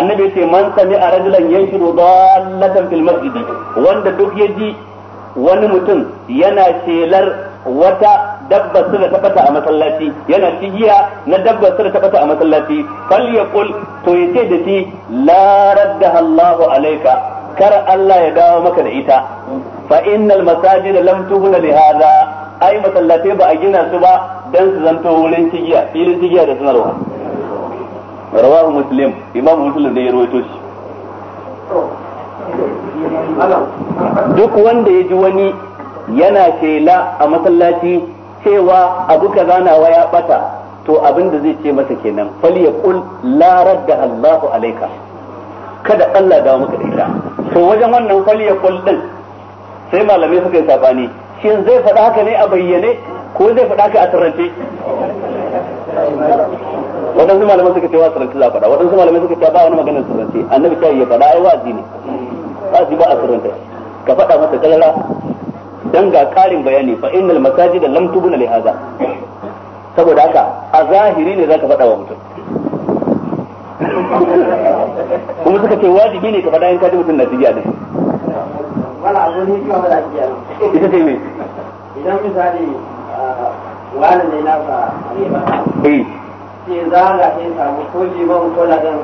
[SPEAKER 2] annabi ce man sami'a rajulan yanshulu dallatan fil masjid wanda duk yaji wani mutum yana shelar wata dabbar su da ta bata a masallaci yana tigiya na dabbar su da ta bata a masallaci fal ya yaqul to ya ce da shi la raddaha Allahu alayka kar Allah ya dawo maka da ita fa innal masajida lam tuhna li hadha ai masallatai ba a gina su ba dan su zanto wurin tigiya filin tigiya da sanarwa rawahu muslim imam muslim da ya rawaito shi duk wanda ya ji wani yana shela a masallaci cewa abu kaza nawa ya bata to abin da zai ce masa kenan fal yaqul la radda Allahu alayka kada Allah da maka da ita to wajen wannan fal yaqul din sai malamai suka yi sabani shin zai faɗa haka ne a bayyane ko zai faɗa haka a sirrance waɗansu malamai suka ce wa sirrance za faɗa waɗansu malamai suka ce ba wani maganar sirrance annabi ta yi ya faɗa ai wazi ne wazi ba a sirrance ka faɗa masa kalara dan ga karin bayani fa innal masajida lam tubna li hada saboda haka a zahiri ne zaka faɗa wa mutum kuma suka ce wajibi ne ka faɗa in ka ji mutum na tijiya din wala
[SPEAKER 1] abu ne kiwa ba da tijiya ita ce me idan misali ah, wani ne na fa eh sai za ga sai samu ko ba mu ko ladan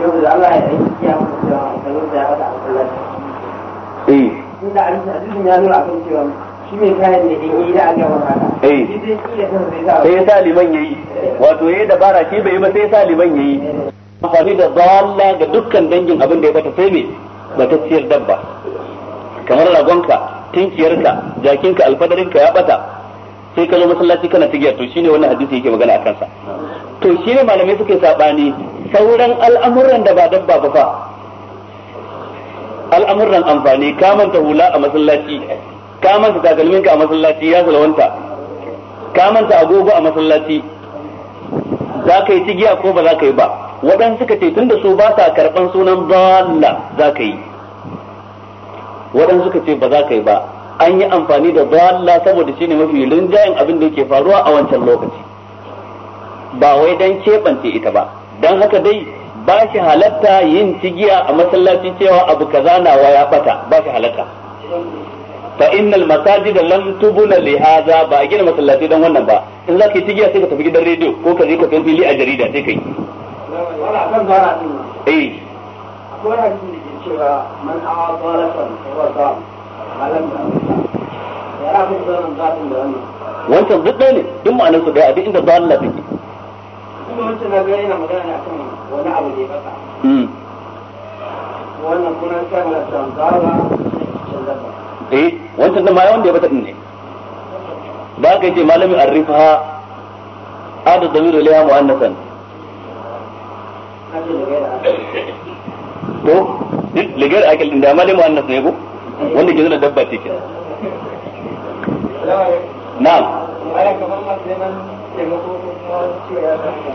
[SPEAKER 1] yau da Allah ya yi kiyamu da mutum da ya faɗa a kullum eh tunda hadisin ya nuna akan cewa shi mai kayan da in yi da aka eh. makana sai ya sa
[SPEAKER 2] liman yayi wato yayi dabara shi bai yi ba sai ya sa liman yayi amfani da dalla ga dukkan dangin abin da ya bata sai me batacciyar dabba kamar ragonka tinkiyarka jakinka alfadarinka ya bata sai ka zo masallaci kana tigiya to shine wannan hadisi yake magana akan sa to shine malamai suke sabani sauran al'amuran da ba dabba ba fa al'amuran amfani ka manta hula a masallaci ka manta takalmin ka a masallaci ya salwanta ka manta agogo a masallaci za ka yi tigiya ko ba za ka yi ba waɗansu suka ce tunda su ba sa karɓan sunan dalla za ka yi waɗansu suka ce ba za ka yi ba an yi amfani da dalla saboda shi ne mafi rinjayen abin da yake faruwa a wancan lokaci ba wai dan keɓance ita ba don haka dai ba shi halatta yin cigiya a masallaci cewa abu kaza wa ya bata ba shi halatta fa innal masajida lam tubuna li hadha ba a gina masallaci dan wannan ba in zaka yi cigiya sai ka tafi gidan rediyo ko ka je ka tafi fili a jarida sai kai
[SPEAKER 1] eh wancan
[SPEAKER 2] duk ɗaya ne duk ma'anar su daya abin inda dalla take
[SPEAKER 1] kuma wancan na ga yana magana akan wani abu ne masa hmm. wannan kuna
[SPEAKER 2] ta mana eh wancan nan ma wanda ya bata din ne da aka ce malamin arrifa ada damiru liya muannasan to ligar akil din da malamin muannas ne ko wanda ke zuna dabba ce kenan
[SPEAKER 1] na'am kamar masu neman taimako kuma ciwo ya zama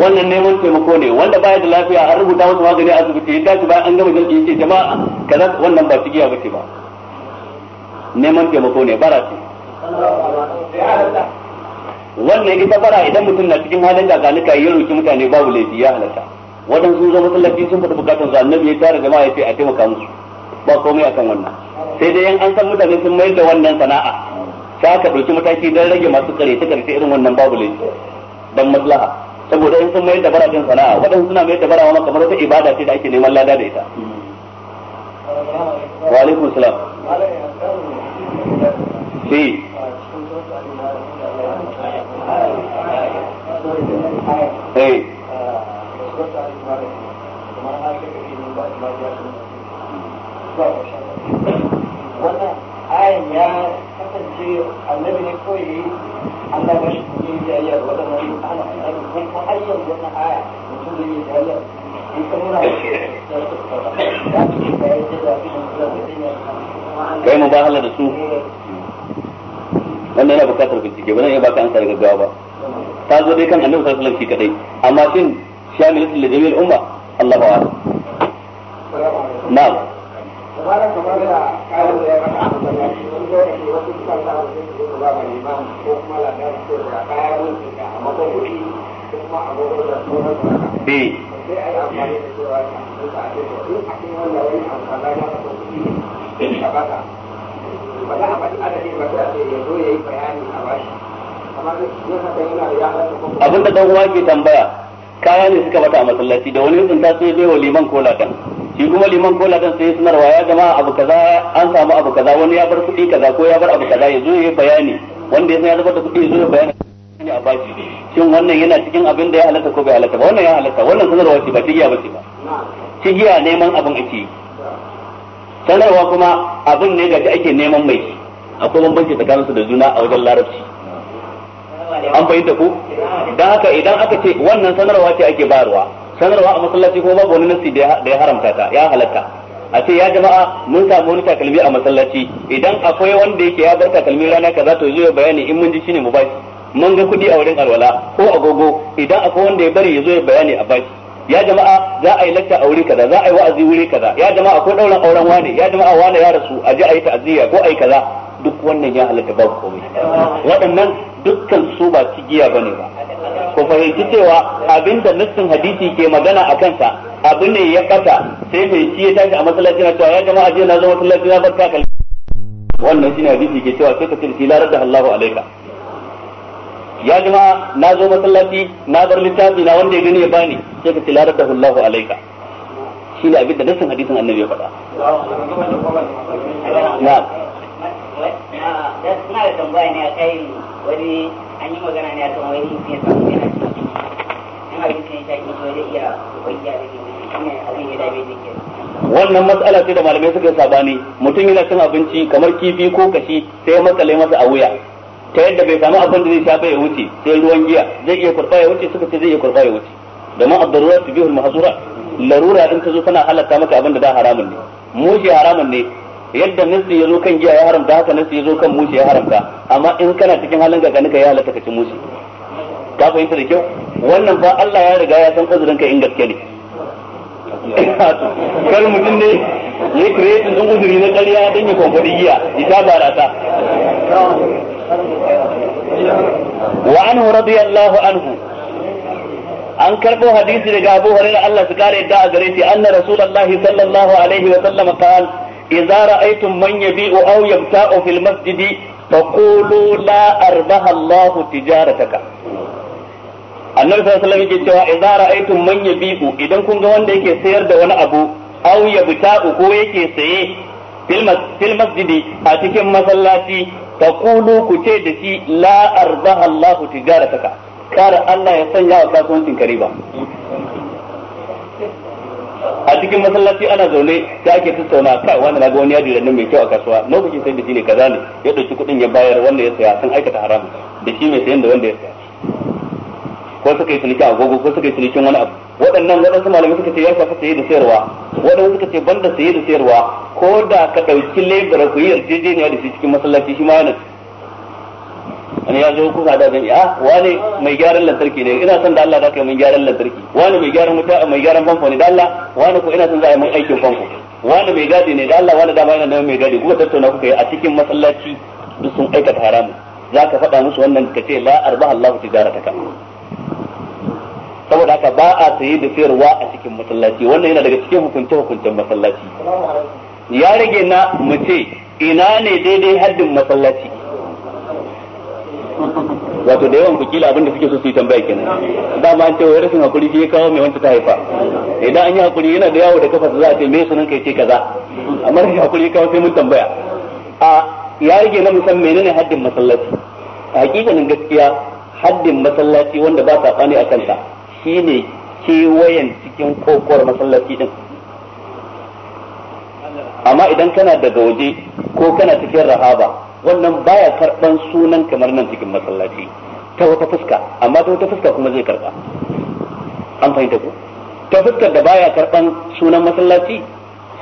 [SPEAKER 1] wannan
[SPEAKER 2] neman taimako ne wanda baya da lafiya an rubuta masa magani a asibiti ya tashi bayan an gama jirgin yake jama'a kaza wannan ba cigiya bace ba neman taimako ne bara ce wannan ita bara idan mutum na cikin halin gaganuka ya roki mutane babu laifi ya halatta waɗansu sun zo masallaci sun fata bukatun su annabi ya tara jama'a ya ce a taimaka musu ba komai akan wannan sai dai yan an san mutane sun mayar da wannan sana'a sai aka ɗauki mataki don rage masu kare ta karfe irin wannan babu laifi dan maslaha saboda in sun mai da bara din sana'a waɗansu suna mai da bara wani kamar wata ibada ce da ake neman lada da ita wa alaikum salam
[SPEAKER 1] fi eh kasance annabi ne kawai ya yi Allah ba shi kuma yi jayyar waɗannan yi ana annabi ko kuma ayyan wannan aya mutum zai yi jayyar in ka nuna da shi da su fara ya ce ka yi da zafi da mutum da zai kai mu ba
[SPEAKER 2] hala da su wannan yana bukatar bincike ba zan iya baka ansa da gaggawa ba ta zo dai kan annabi sallallahu alaihi wasallam shi kadai amma shin shamilatul jami'il umma Allahu akbar na'am
[SPEAKER 1] wani kamar da tambaya abin da
[SPEAKER 2] ɗan uwa ke tambaya kaya ne suka mata a masallaci da wani sai wa liman ko shi kuma liman ko ladan sai sanarwa ya jama'a abu kaza an samu abu kaza wani ya bar kuɗi kaza ko ya bar abu kaza ya zo ya bayani wanda ya san ya zubar da kuɗi ya zo ya bayani a baki shin wannan yana cikin abin da ya halatta ko bai halatta ba wannan ya halatta wannan sanarwa ce ba tigiya ba ce ba tigiya neman abin ake yi sanarwa kuma abin ne ga ake neman mai akwai bambanci tsakaninsu da juna a wajen larabci an fahimta ku don haka idan aka ce wannan sanarwa ce ake bayarwa sanarwa a masallaci ko babu wani nasi da ya haramta ta ya halatta a ce ya jama'a mun samu wani takalmi a masallaci idan akwai wanda yake ya bar takalmi rana kaza to zai bayani in mun ji shine mu bashi mun ga kuɗi a wurin alwala ko agogo idan akwai wanda ya bari ya zo ya bayani a bashi ya jama'a za a yi lacca a wuri kaza za a yi wa'azi wuri kaza ya jama'a ko dauran auren wane ya jama'a wane ya rasu a ji a yi ta'aziyya ko a yi kaza duk wannan ya halatta babu komai waɗannan dukkan su ba cigiya bane ba ku fahimci cewa abinda nassin hadisi ke magana a kansa abin ne ya kasa sai ka shi ya tashi a masallaci na cewa ya jama'a je na zo masallaci na barka kal wannan shine hadisi ke cewa sai ka ce shi larar da Allahu alaika ya jama'a na zo masallaci na bar littafi na wanda ya gani ya bani sai ka ce larar da Allahu alaika shine abin da nassin hadisin annabi ya faɗa na'am na
[SPEAKER 1] da tambaya ne a kai wani an yi magana ne akan wani ya samu yana cikin in abincin ya shaƙi yi zai iya kwanciya da ke shine abin ya dame ne
[SPEAKER 2] wannan matsala ce da malamai suka yi sabani mutum yana cin abinci kamar kifi ko kashi sai ya matsale masa a wuya ta yadda bai samu abin da zai sha ba ya wuce sai ruwan giya zai iya kurba ya wuce suka ce zai iya kurba ya wuce domin ad-darura tubihul mahzura larura in ta zo tana halatta maka abin da da haramun ne mushi haramun ne yadda nasi ya zo kan giya ya haramta haka nasi ya zo kan mushi ya haramta amma in kana cikin halin ga kanika ya halatta ka ci mushi ka fahimta da kyau wannan fa Allah ya riga ya san uzurin ka in gaske ne [laughs] kar mutum ne ya create din uzuri na ƙarya don ya kwamfadi giya ita barata wa anhu radiyallahu anhu an karbo hadisi daga Abu Hurairah Allah su kare yadda a gare shi anna Rasulullahi sallallahu alaihi wa sallam qala idza ra'aytum man yabi'u aw yamta'u fil masjidi faqulu la arbaha Allahu tijarataka annabi صلى الله عليه وسلم cewa idza ra'aytum man yabi'u idan kunga wanda yake sayar da wani abu aw yabta'u ko yake saye fil masjidi a cikin masallaci faqulu ku ce da shi la arbaha Allahu tijarataka kar Allah ya sanya wa kasuwancin kariba a cikin masallaci ana zaune da ake tattauna kai wanda na ga wani yadi nan mai kyau a kasuwa lokacin sai da shi ne kaza ne ya dauki kudin ya bayar wanda ya saya san aikata haram da shi mai sayan da wanda ya saya ko suka yi cinikin agogo ko suka yi cinikin wani abu waɗannan waɗansu malamai suka ce ya shafi saye da sayarwa waɗansu suka ce banda saye da sayarwa ko da ka ɗauki lebura ku yi yarjejeniya da shi cikin masallaci shi ma yana wani ya zo kuka da zai a ah, wani mai gyaran lantarki ne ina son da Allah za ka yi mai gyaran lantarki wani mai gyaran wuta mai gyaran famfo ne da Allah wani ko ina son za a yi mai aikin famfo wani mai gadi ne da Allah wani da yana da mai gadi kuka tattauna kuka yi a cikin masallaci duk sun aikata haramu za ka faɗa musu wannan ka ce la arba Allah tijarataka saboda haka ba a saye da sayarwa a cikin masallaci wannan yana daga cikin hukunce hukuncen masallaci ya rage na mu ce ina ne daidai haddin masallaci wato da yawan kila abin da suke so su yi tambaya kenan dama an ce wai rashin hakuri shi ya kawo mai wanda ta haifa idan an yi hakuri yana da yawo da kafa za a ce me sunan kai ce kaza amma rashin hakuri ya kawo sai mun tambaya a ya rage na musan menene haddin masallaci a hakikanin gaskiya haddin masallaci wanda ba saɓani a kanta shine kewayen cikin kokowar masallaci din amma idan kana daga waje ko kana cikin rahaba wannan baya karban sunan kamar nan cikin masallaci ta wata fuska amma ta wata fuska kuma zai karba an fahimta ku ta fuskar da baya karban sunan masallaci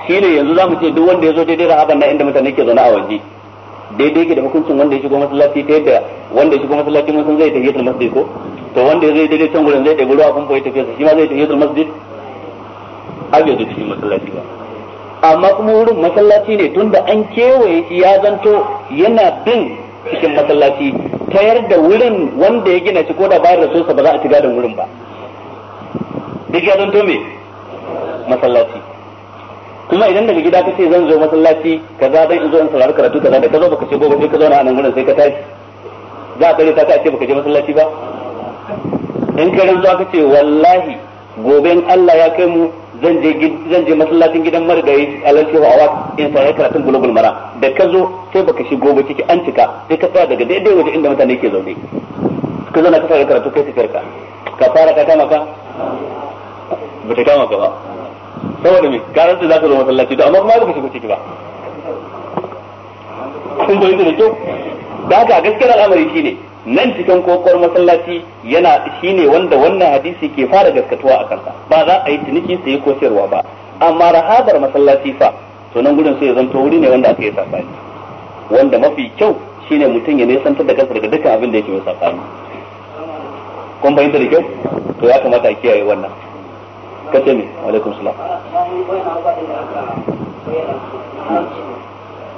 [SPEAKER 2] shine yanzu zamu ce duk wanda ya zo daidai rahaban na inda mutane ke zaune a waje daidai ke da hukuncin wanda ya shigo masallaci ta yadda wanda ya shigo masallaci mun san zai tafi yatul masjid ko to wanda ya zai daidai can gurin zai ɗebi ruwa kun boye tafiyarsa shi ma zai tafi yatul masjid a bai da cikin masallaci ba amma kuma wurin masallaci ne tunda an kewaye shi ya zanto yana bin cikin masallaci tayar da wurin wanda ya gina shi ko da bayar da sosa ba za a ci gadon wurin ba duk ya zanto me masallaci kuma idan daga gida kace zan zo masallaci kaza dan in zo in saurari karatu kaza da kazo baka ce gobe sai ka zauna a nan wurin sai ka tashi za a kare ta ka ce baka je masallaci ba in ka ran ka kace wallahi gobe in Allah ya kai mu zan je zan je masallacin gidan marigayi alanci wa awat in sai karatun bulugul mara da ka zo sai baka shigo ba ciki an cika sai ka tsaya daga daidai waje inda mutane ke zaune ka na ka fara karatu kai tafiyar ka ka fara ka kama ka ba ta kama ka ba saboda me karar da za ka zo masallaci to amma kuma ka shigo ciki ba kun fahimta da kyau da haka gaskiyar al'amari ne nan cikin kokowar masallaci yana shine wanda wannan hadisi ke fara gaskatuwa a kansa ba za a yi ciniki sai ko sayarwa ba amma rahadar masallaci fa to nan gudun sai ya zanto wuri ne wanda aka yi sabani wanda mafi kyau shine mutum ya nisantar da kansa daga dukkan abin da yake mai sabani kun bayyana da kyau to ya kamata a kiyaye wannan kace me alaikum salam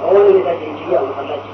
[SPEAKER 1] wani ne da ke jiya masallaci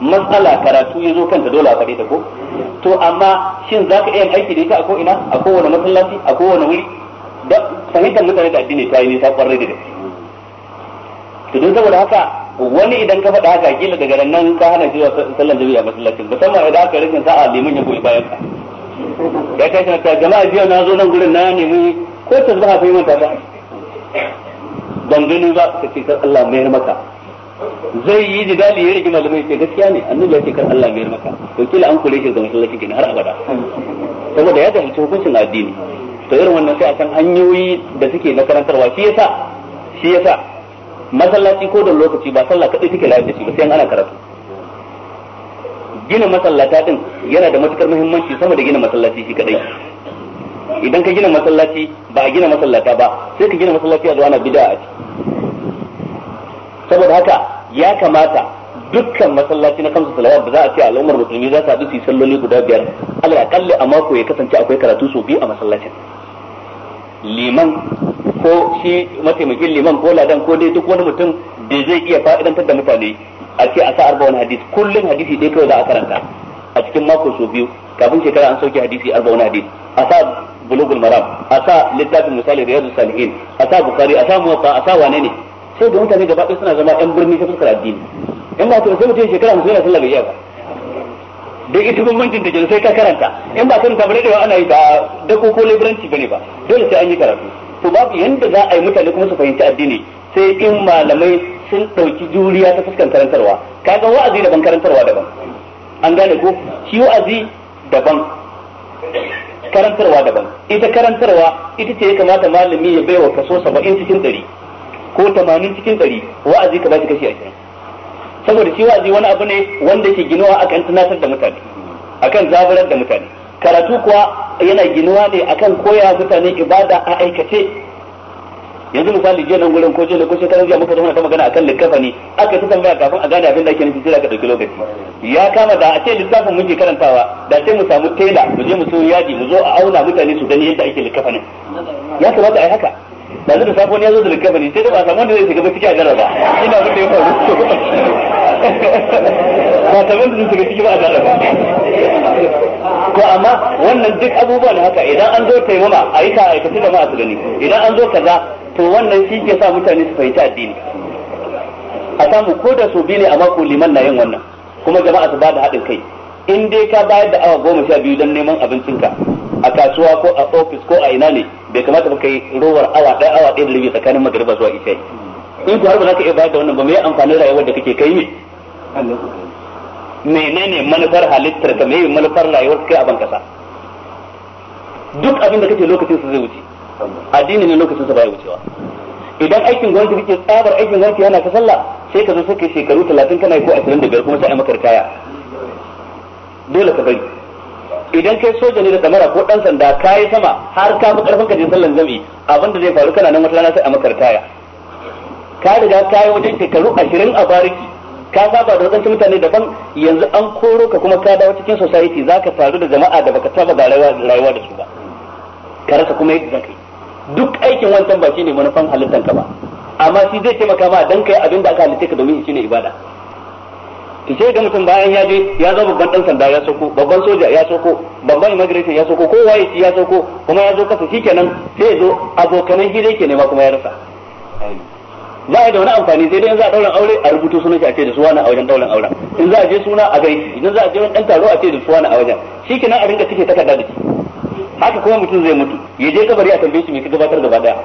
[SPEAKER 2] matsala karatu ya zo kanta dole a faɗe ta ko to amma shin za ka iya aiki da ita a ko ina a kowane masallaci a kowane wuri da fahimtar mutane da addini ta yi nisa kwarai da gaske to don saboda haka wani idan ka faɗa haka kila daga nan ka hana shi sallan jami'a masallacin musamman idan aka rikin sa'a liman ya goyi bayan ka ya kai shi ta jama'a biyar na zo nan gurin na nemi ko ta zuba fahimta ba ban gani ba ka ce Allah mayar maka zai yi jidali ya rage malamai ce gaskiya ne annabi ya ce kar Allah mai maka to kila an kure shi ga masallacin kenan har abada saboda ya jahilci hukuncin addini to irin wannan sai a san hanyoyi da suke na karantarwa shi yasa shi yasa masallaci ko da lokaci ba sallah kadai take lafiya ce ba sai ana karatu gina masallata din yana da matukar muhimmanci sama da gina masallaci shi kadai idan ka gina masallaci ba a gina masallata ba sai ka gina masallaci a zuwa na bid'a a ciki saboda haka ya kamata dukkan masallaci na kansu salawat ba za a ce al'ummar musulmi za su haɗu su yi salloli guda biyar ya a mako ya kasance akwai karatu sau biyu a masallacin liman ko shi mataimakin liman ko ladan ko dai duk wani mutum da zai iya fa'idantar da mutane a ce a sa arba wani hadisi kullum hadisi ɗaya kawai za a karanta a cikin mako sau biyu kafin shekara an sauke hadisi arba wani hadisi a sa bulugul maram a sa littafin misali riyadu salihin a sa bukari a sa muwafa a sa wane ne sai da mutane gaba ɗaya suna zama yan birni ta fuskar addini in ba ta sai mutum shekara hamsin yana sallah bai yi ba da ita bambancin ta kenan sai ka karanta in ba karanta bare da ana yi ba da ko leburanci bane ba dole sai an yi karatu to babu yanda za a yi mutane kuma su fahimci addini sai in malamai sun ɗauki juriya ta fuskan karantarwa kaga wa'azi daban karantarwa daban an gane ko shi wa'azi daban karantarwa daban ita karantarwa ita ce ya kamata malami ya baiwa kaso saba'in cikin ɗari ko tamanin cikin 100 wa'azi ka bashi kashi 20 saboda shi wa'azi wani abu ne wanda ke ginuwa akan tunatar da mutane akan zaburar da mutane karatu kuwa yana ginuwa ne akan koya mutane ibada a aikace yanzu misali jiya nan gurin ko da ko shekaran jiya muka zama ta magana akan likkafa ne aka ta tambaya kafin a gane abin da ake nufi sai ka dauki lokaci ya kama da a ce lissafin muke karantawa da sai mu samu tela mu je mu so yaji mu zo a auna mutane su gani yadda ake likkafa ne ya kamata a yi haka da zai da safon ya zo da likkafa bane sai da ba samu wanda zai shiga ba cikin a ba
[SPEAKER 3] ina abin da ya faru ba samu
[SPEAKER 2] wanda zai shiga ciki ba a ko amma wannan duk abubuwa ne haka idan an zo mama a yi ta aikace da ma'a su gani idan an zo kaza to wannan shi ke sa mutane su fahimci addini a samu ko da su biyu ne a mako liman na yin wannan kuma jama'a su ba da haɗin kai in dai ka bayar da awa goma sha biyu don neman abincinka a kasuwa ko a ofis ko a ina ne bai kamata ba kai rowar awa ɗaya awa ɗaya da rabi tsakanin magariba zuwa isha'i in ku har ba za ka iya bayar da wannan ba mai amfanin rayuwar da kake kai ne menene manufar halittar ka mai manufar rayuwar kai a ban kasa duk abin da kake lokacin su zai wuce addini ne lokacin sa baya wucewa idan aikin gwamnati kake tsabar aikin gwamnati yana ka sallah sai ka zo sai kai shekaru 30 kana ko 25 kuma sai ai maka ritaya dole ka bari idan kai soja ne da kamera ko dan sanda ka yi sama har ka fi karfin ka je sallan jami'i abin da zai faru kana nan wata rana sai a makartaya ka riga ka yi wajen shekaru ashirin a bariki ka saba da wadansu mutane da daban yanzu an koro ka kuma ka dawo cikin society za ka taru da jama'a da baka saba da rayuwa da su ba ka rasa kuma yadda zaka yi duk aikin wancan ba shine manufan halittanka ba amma shi zai taimaka ma dan kai abin da aka halitta ka domin shi ne ibada ki ce ga mutum bayan ya je ya zo babban dan sanda ya soko babban soja ya soko babban immigration ya soko ko waye ya soko kuma ya zo kasa kenan sai ya zo abokanan gida yake nema kuma ya rasa ba ya da wani amfani sai dai in za a daura aure a rubuto sunan shi a ce da suwana a wajen daura auren in za a je suna a gaiti idan za a je dan taro a ce da suwana a wajen shikenan a ringa take takarda da shi haka kuma mutum zai mutu ya je kabari a tambaye shi me ka gabatar gaba daya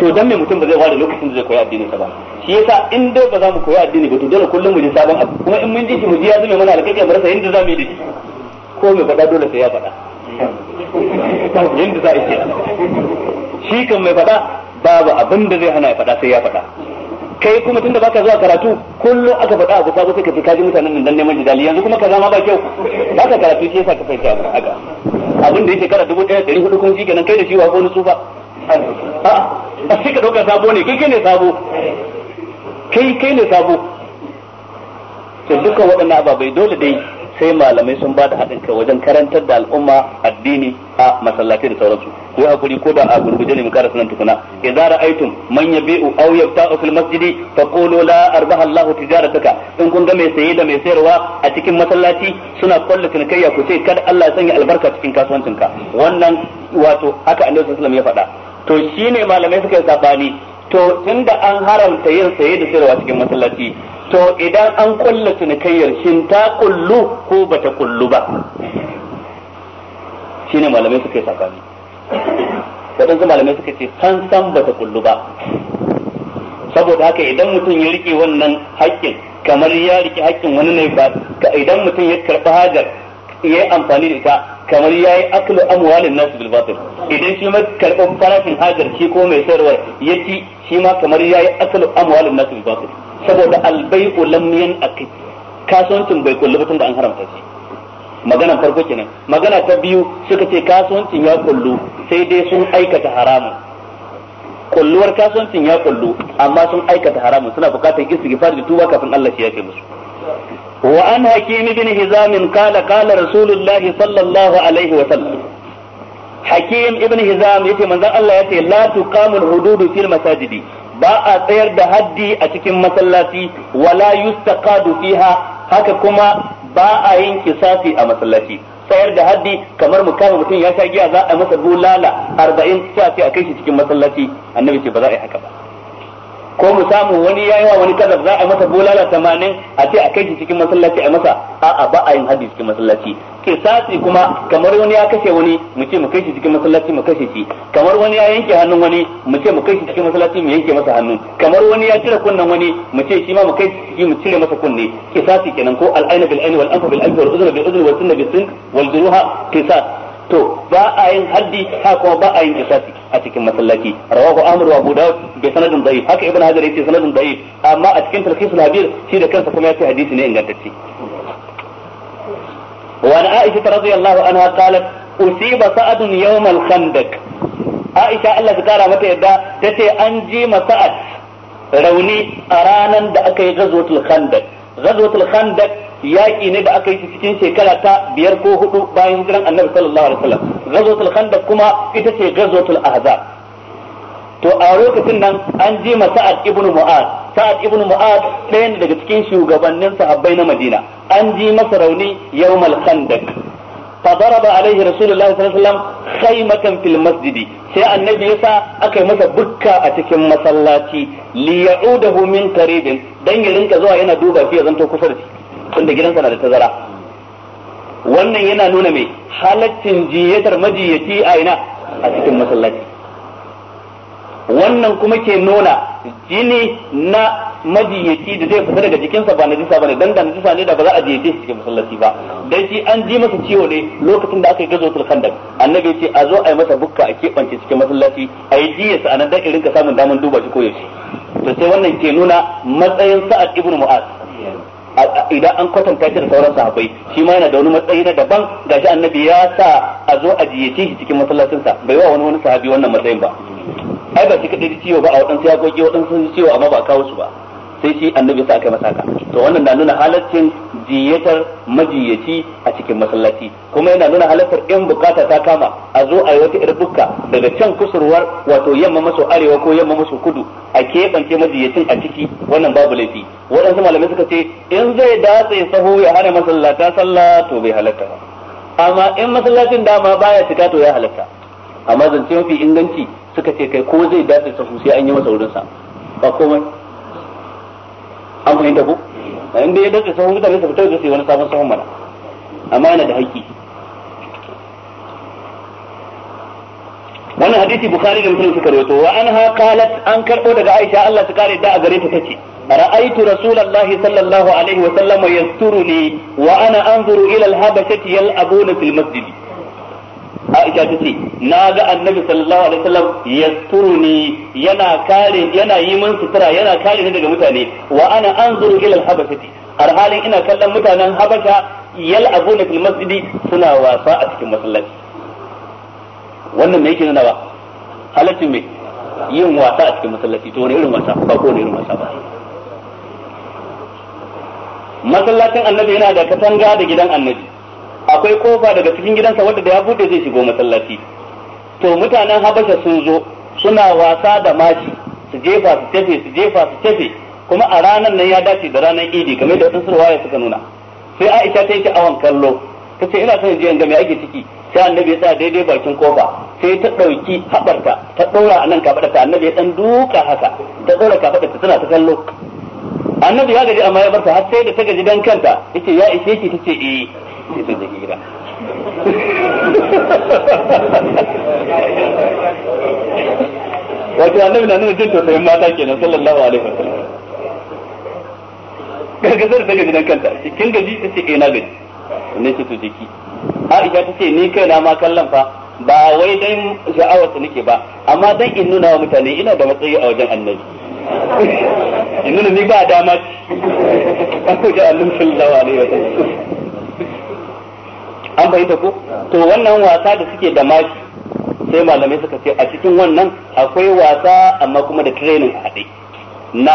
[SPEAKER 2] to dan me mutum ba zai fara lokacin da zai koyi addinin sa ba shi yasa in dai ba za mu koyi addini ba to dole kullum mu ji sabon abu kuma in mun ji shi mu ji ya zama mana alƙaƙiya mu rasa yanda za mu yi da shi ko me faɗa dole sai ya faɗa yanda za a yi shi kan mai faɗa babu abin da zai hana ya faɗa sai ya faɗa kai kuma tunda baka zuwa karatu kullum aka faɗa abu sabo sai ka fi kaji mutanen nan dan neman jidali yanzu kuma kaza ma ba kyau ba ka karatu shi yasa ka fahimta abu haka abin da yake kara dubu ɗaya ɗari hudu kun shi kenan kai da shi wa ko tsufa a ah, sai ka kai ne sabo kai ne sabo to dukkan waɗannan ababai dole dai sai malamai sun ba da haɗin kai wajen karantar da al'umma addini a masallaci da sauransu ko hakuri ko da a gurguje ne mu kara sanin tukuna idza ra'aytum man yabi'u aw yabta'u fil masjidi faqulu la arbaha Allah tijarataka in kun ga mai saye da mai sayarwa a cikin masallaci suna kullu tinkayya ku ce kada Allah ya sanya albarka cikin kasuwancinka wannan wato haka Annabi sallallahu ya faɗa to shi ne malamai suka yi sabani to tunda an haramta yin saye da sayarwa cikin masallaci to idan an kulla cinikayyar shin ta kullu ko bata kullu ba Shi ne malamai suka yi sabani waɗansu malamai suka ce san san bata kullu ba saboda haka idan mutum ya rike wannan haƙƙin kamar ya rike haƙƙin wani ne ba idan mutum ya karɓi hajar yayi amfani da ita kamar yayi aklu amwalin nas bil batil idan shi ma karban farashin hajar shi ko mai sayarwar yaci shi ma kamar yayi aklu amwalin nas bil batil saboda al bai'u lam yanqi kasuwancin bai kullu tun da an haramta shi magana farko kenan magana ta biyu suka ce kasuwancin ya kullu sai dai sun aikata haramun kulluwar kasuwancin ya kullu amma sun aikata haramun suna bukatar istighfar da tuba kafin Allah shi ya musu waan حكيم بن Hizamin kala kala رسول الله صلى الله عليه وسلم حكيم Allah هزام يتي من الله يتي لا تقام ba a tsayar da haddi a cikin masallaci wala yustaqadu fiha haka kuma ba a yin kisafi a masallaci tsayar da haddi kamar mu kama mutum ya sha giya za masa bulala arba'in sai a kai shi cikin masallaci annabi ba za a yi haka ba ko mu samu wani yayi wa wani kaza za a masa bulala tamanin a ce a kai shi cikin masallaci a masa a ba a yin haddi cikin masallaci sati kuma kamar wani ya kashe wani mu ce mu kai shi cikin masallaci mu kashe shi kamar wani ya yanke hannun wani mu ce mu kai shi cikin masallaci mu yanke masa hannu kamar wani ya cire kunnen wani mu ce shi ma mu kai shi mu cire masa kunne kisasi kenan ko al'aina bil aini wal anfa bil anfa wal udhna bil udhna wal sunna bil sun wal juruha to ba a yin haddi ha kuma ba a yin kisasi a cikin masallaci rawahu amr wa abu daud bi sanadin da'if haka ibn hajar yace sanadin da'if amma a cikin talqis al-habir shi da kansa kuma yace hadisi ne ingantacce wa an aisha radiyallahu anha qalat usiba sa'ad yawm al-khandaq aisha Allah ta kara mata yadda tace an ji ma sa'ad rauni a ranan da aka yi ghazwatul khandaq ghazwatul khandaq yaƙi ne da aka yi cikin shekara ta biyar ko hudu bayan hijiran annabi sallallahu alaihi wasallam ghazwatul khandaq kuma ita ce ghazwatul ahzab to a lokacin nan an ji ma sa'ad ibn mu'ad sa'ad ibn mu'ad ɗaya ne daga cikin shugabannin sahabbai na madina an ji masa rauni yawmal khandaq فضرب عليه رسول الله صلى الله عليه وسلم خيمة في sai annabi yasa aka yi masa bukka a cikin masallaci li ya'udahu min qaribin dan ya rinka zuwa yana duba shi ya zanto kusa da shi tunda gidansa na da tazara wannan yana nuna mai halaccin jiyatar majiyaci a ina a cikin masallaci wannan kuma ke nuna jini na majiyaci da zai fita daga jikinsa ba najisa bane dan da najisa ne da ba za a jiyaci cikin masallaci ba dan shi an ji masa ciwo ne lokacin da aka yi gazotul khandaq annabi ce a zo a yi masa bukka a keɓance cikin masallaci a yi jiyarsa a nan dan irin ka samun daman duba shi ko yaushe to sai wannan ke nuna matsayin sa'ad ibnu mu'az idan an kwatanta shi da sauran sahabbai shi ma yana da wani matsayi na daban gashi annabi ya sa a zo a jiyace shi cikin masallacinsa bai wa wani wani sahabi wannan matsayin ba ai ba shi kadai ciwo ba a waɗansu ya goge waɗansu ciwo amma ba kawo su ba sai shi annabi sa aka masaka to wannan na nuna halaccin jiyatar majiyaci a cikin masallaci kuma yana nuna halartar in bukata ta kama a zo a yi wata yar bukka daga can kusurwar wato yamma maso arewa ko yamma maso kudu a keɓance majiyacin a ciki wannan babu laifi waɗansu malamai suka ce in zai datse saho ya hana masallata sallah to bai halatta ba amma in masallacin dama baya cika to ya halatta amma zance mafi inganci suka ce kai ko zai dace sahu sai an yi masa wurin sa ba komai an fahimta ko inda ya dace sahu mutane su fita da sai wani sabon sahun mana amma yana da haƙƙi wannan hadisi bukhari da muslim suka rawaito wa anha qalat an karbo daga aisha Allah ta kare da a gare ta tace ra'aytu rasulullahi sallallahu alaihi wa sallam yasturuni wa ana anzuru ila al-habashati yal'abuna fil masjid Aisha ta ce na ga annabi sallallahu alaihi wasallam ni yana kare yana yi min sutura yana kare ni daga mutane wa ana anzuru ila al-habashati hali ina kallon mutanen habasha abuna fil masjidi suna wasa a cikin masallaci wannan me yake nuna ba halaccin me yin wasa a cikin masallaci to wani irin wasa ba ko wani irin wasa ba masallacin annabi yana da katanga da gidan annabi akwai kofa daga cikin gidansa wadda da ya bude zai shigo masallaci to mutanen habasha sun zo suna wasa da mashi su jefa su tafe su jefa su tafe kuma a ranar nan ya dace da ranar idi kamar da wasu ruwaya suka nuna sai aisha ta yi awon kallo ta ce ina son jiyan game ake ciki sai annabi ya sa daidai bakin kofa sai ta ɗauki haɓarta ta ɗora a nan ta annabi ya ɗan duka haka ta ɗora ta tana ta kallo annabi ya gaji amma ya barta har sai da ta gaji dan kanta ce ya ishe ki tace eh ita da hira wato annabi na nuna jin tausayin mata kenan sallallahu alaihi wasallam gargazar daga gidan kanta kin gaji ta ce eh, na gaji ne ce to jiki Aisha ta ce ni kai na ma kallon fa ba wai dan sha'awarsa nake ba amma dan in nuna wa mutane ina da matsayi a wajen
[SPEAKER 3] annabi
[SPEAKER 2] in nuna ni ba dama ce an kuja annabi sallallahu alaihi wasallam an ta ko to wannan wasa da suke da maki sai malamai suka ce a cikin wannan akwai wasa amma kuma da training a haɗe na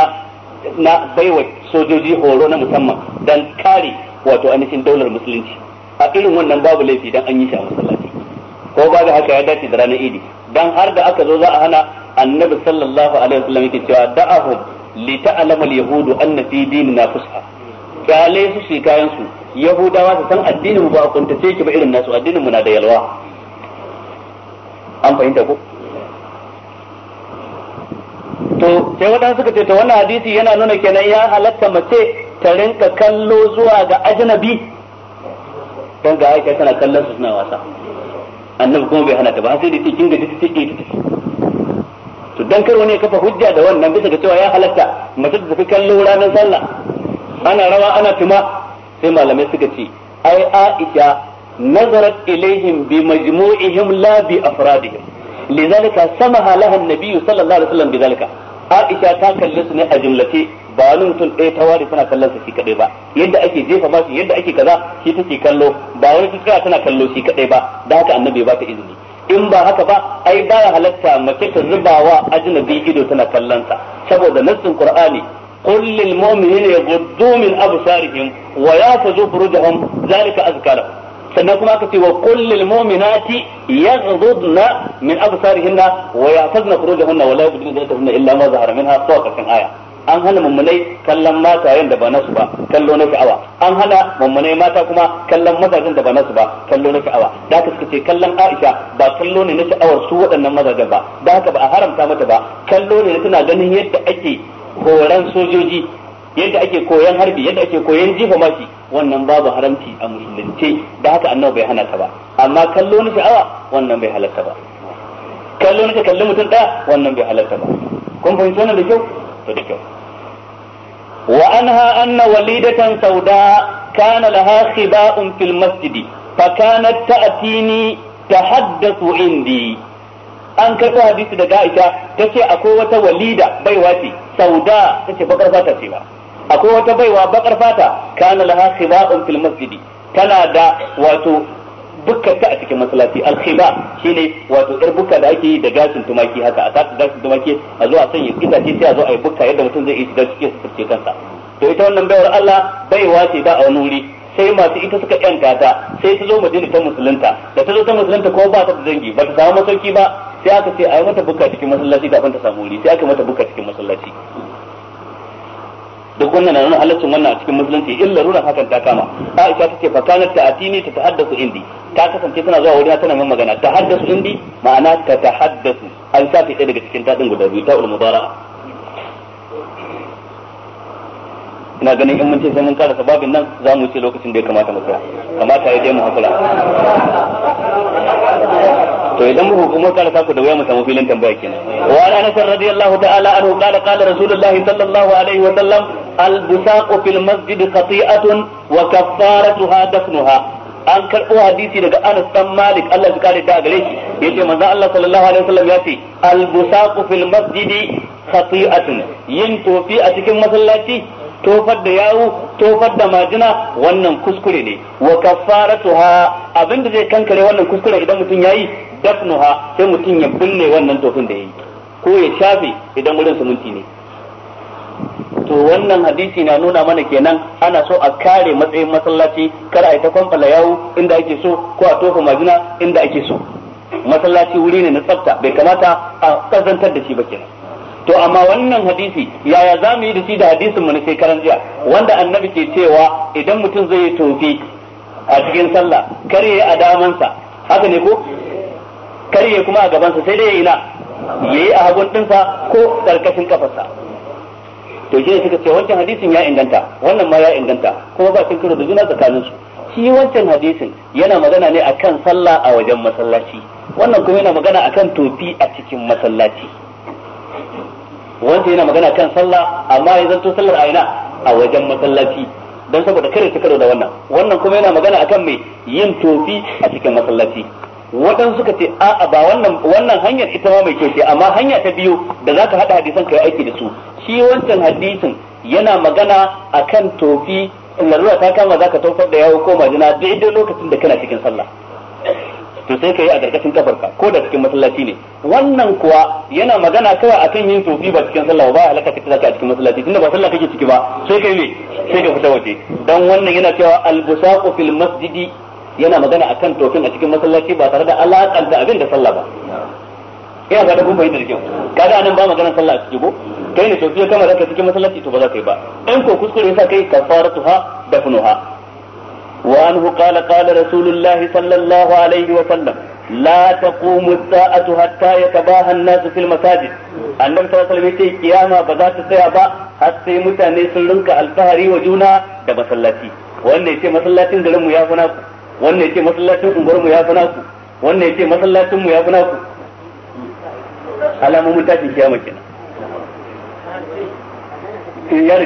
[SPEAKER 2] na baiwa sojoji horo na musamman dan kare wato ainihin daular musulunci a irin wannan babu laifi dan an yi shi a masallaci ko ba da haka ya dace da ranar idi dan har da aka zo za a hana annabi sallallahu alaihi wasallam yake cewa da'ahum li ta'lamu al-yahudu anna fi dinina fusha kyale su shi kayan su yahudawa su san addinin ba a kuntace ki ba irin nasu addinin mu na da yalwa an fahimta ko to sai wadan suka ce to wannan hadisi yana nuna kenan ya halatta mace ta rinka kallo zuwa ga ajnabi dan ga aisha tana kallon su suna wasa annabi kuma bai hana ta ba sai da kin ga ta eh, take to dan kar wani ya kafa hujja da wannan bisa ga cewa ya halatta mace ta tafi kallo ranar sallah ana rawa ana tuma sai malamai suka ce ai aisha nazarat ilaihim bi majmu'ihim la bi afradihim lidhalika samaha laha an nabiy sallallahu alaihi wasallam bidhalika aisha ta kalle su ne a jumlace ba wani mutum ɗaya ta ware tana kallon sa shi kaɗai ba yadda ake jefa shi yadda ake kaza shi take kallo ba wani ta tsaya tana kallo shi kadai ba da haka annabi ba ta izini in ba haka ba ai baya halatta mace ta zubawa ajnabi ido tana kallon sa saboda nassin qur'ani قل للمؤمنين يغضوا من أبصارهم ويحفظوا فروجهم ذلك أزكى لهم sannan kuma aka ce wa kullil mu'minati yaghdudna min absarihinna wa yafazna furujahunna wa la yubdina zinatahunna illa ma zahara an hana mummunai kallon matayen da ba nasu ba kallo na sha'awa an hana mummunai mata kuma kallon mazajen da ba nasu ba kallo na sha'awa da haka suka ce kallon Aisha ba kallo ne na sha'awar su waɗannan mazajen ba da haka ba a haramta mata ba kallo ne na tana ganin yadda ake koran sojoji yadda ake koyan harbi yadda ake koyan jifa maki wannan babu haramci a musulunce da haka annabi bai hana ta ba amma kallo na sha'awa wannan bai halatta ba kallo na kalli mutum da wannan bai halatta ba kun fahimci wannan da kyau to da kyau wa anha anna walidatan sauda kana laha khiba'un fil masjidi fa kanat ta'tini tahaddathu indi an karɓo hadisi daga Aisha tace akwai wata walida bai ce sauda tace bakar fata ce ba akwai wata baiwa bakar fata kana laha khiba'un fil masjidi tana da wato ta a cikin masallaci alkhiba shine wato yar bukka da ake yi da gashin tumaki haka a sata gashin tumaki a zo a sanya itace sai a zo a yi bukka yadda mutum zai yi shiga cikin su kansa to ita wannan baiwar Allah baiwa ce ba a wani wuri sai masu ita suka yanka ta sai ta zo madina ta musulunta da ta zo ta musulunta ko ba ta da dangi ba ta samu masauki ba sai aka ce a yi mata buka cikin masallaci kafin ta samu wuri sai aka mata buka cikin masallaci duk wannan na nuna halaccin wannan a cikin musulunci illa rura hakan ta kama Aisha ce fa kanat atini ta tahaddasu indi ta kasance tana zuwa wurina tana min magana tahaddasu indi ma'ana ta tahaddasu an sa ta daga cikin tadin guda biyu ta ulmubara. ina ganin in mun ce sai mun karasa babin nan za mu ce lokacin da ya kamata mu tsaya kamata ya dai mu hakura to idan mu hukumar karasa ku da waya mu samu filin tambaya kenan wa ana nasar radiyallahu ta'ala anhu qala qala rasulullahi sallallahu alaihi wa sallam al busaq fil masjid qati'atun wa kaffaratuha dafnuha an karbo hadisi daga Anas dan Malik Allah ya kare ta gare shi yace manzo Allah sallallahu alaihi wasallam ya ce al busaq fil masjidi khati'atun yin tofi a cikin masallaci tofar da yawu tofar da majina wannan kuskure ne wa abin da zai kankare wannan kuskure idan mutum yayi dafnuha sai mutum ya binne wannan tofin da yayi ko ya shafe idan wurin suminti ne to wannan hadisi na nuna mana kenan ana so a kare matsayin masallaci kar a yi ta kwamfala yawu inda ake so ko a tofa majina inda ake so masallaci wuri ne na tsafta bai kamata a kazantar da shi ba kenan to amma wannan hadisi yaya za mu yi da shi da hadisin mu na shekaran jiya wanda annabi ke cewa idan mutum zai yi tofi a cikin sallah kar yayi a damansa haka ne ko kar yayi kuma a gabansa sai dai ya ina yayi a hagun dinsa ko karkashin kafarsa to shi suka ce wancan hadisin ya inganta wannan ma ya inganta kuma ba cin karo da juna tsakanin su shi wancan hadisin yana magana ne akan sallah a wajen masallaci wannan kuma yana magana akan tofi a cikin masallaci wanda yana magana kan sallah amma ya zanto sallar aina a wajen masallaci don saboda kare ta karo da wannan wannan kuma yana magana akan mai yin tofi a cikin masallaci wadan suka ce a'a ba wannan wannan hanyar ita ma mai kyau amma hanya ta biyu da zaka hada hadisan kai aiki da su shi wancan hadisin yana magana akan tofi in larura ta kama zaka tofar da yawo ko majina daidai lokacin da kana cikin sallah to sai ka yi a gargashin kafarka ko da cikin masallaci ne wannan kuwa yana magana kawai akan yin tofi ba cikin sallah ba halaka kace zaka a cikin masallaci tunda ba sallah kake ciki ba sai kai ne sai ka fita waje dan wannan yana cewa albusaqu fil masjidi yana magana akan tofin a cikin masallaci ba tare da da abin da sallah ba ina ga kun bai da kyau kaga anan ba maganar sallah a ciki ko kai ne tofi kamar zaka cikin masallaci to ba za ka yi ba in ko kuskure yasa kai kafaratuha dafnuha وعنه قال قال رسول الله صلى الله عليه وسلم لا تقوم الساعة حتى يتباهى الناس في المساجد annabi sallallahu alaihi wasallam kiyama ba za ta tsaya ba har sai mutane sun rinka alfahari wa juna da masallaci wannan yace masallacin garin mu ya fi naku wannan yace masallacin unguwar mu ya fi naku wannan yace masallacin mu ya ya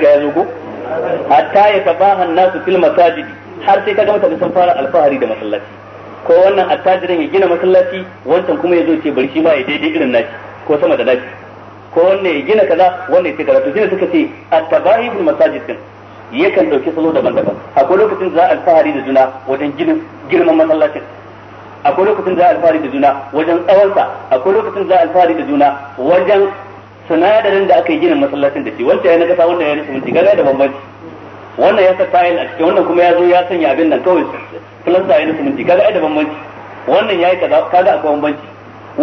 [SPEAKER 2] riga ya har sai kaga mutane sun fara alfahari da masallaci ko wannan attajirin ya gina masallaci wancan kuma ya zo ce bari shi ma ya daidai irin nashi ko sama da nashi ko wannan ya gina kaza wannan ya ce kaza to suka ce at-tabahi bil masajid din yakan dauki salo daban-daban akwai lokacin za alfahari da juna wajen girman masallacin akwai lokacin za alfahari da juna wajen tsawonsa akwai lokacin za alfahari da juna wajen sinadarin da aka yi ginin masallacin da shi wancan ya na kasa wannan ya na siminti gaga da bambanci wannan ya saka tayil a cikin wannan kuma ya zo ya sanya abin nan kawai filasta ya nasu minti kaga ai da bambanci wannan yayi kaza kaga akwai bambanci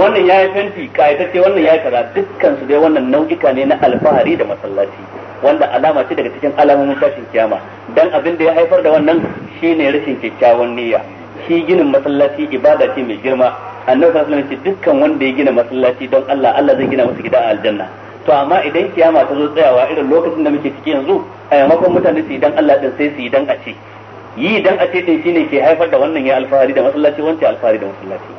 [SPEAKER 2] wannan yayi fenti kayatacce wannan yayi kaza dukkan su dai wannan nau'ika ne na alfahari da masallaci wanda alama ce daga cikin alamomin tashin kiyama dan abin da ya haifar da wannan shine rashin kyakkyawan niyya shi ginin masallaci ibada ce mai girma annabi sallallahu alaihi wasallam dukkan wanda ya gina masallaci don Allah Allah zai gina masa gida a aljanna to amma idan kiyama ta zo tsayawa irin lokacin da muke ciki yanzu a yamakon mutane su yi dan Allah din sai su yi dan a ce yi dan a ce din shine ke haifar da wannan ya alfahari da masallaci wancan alfahari da masallaci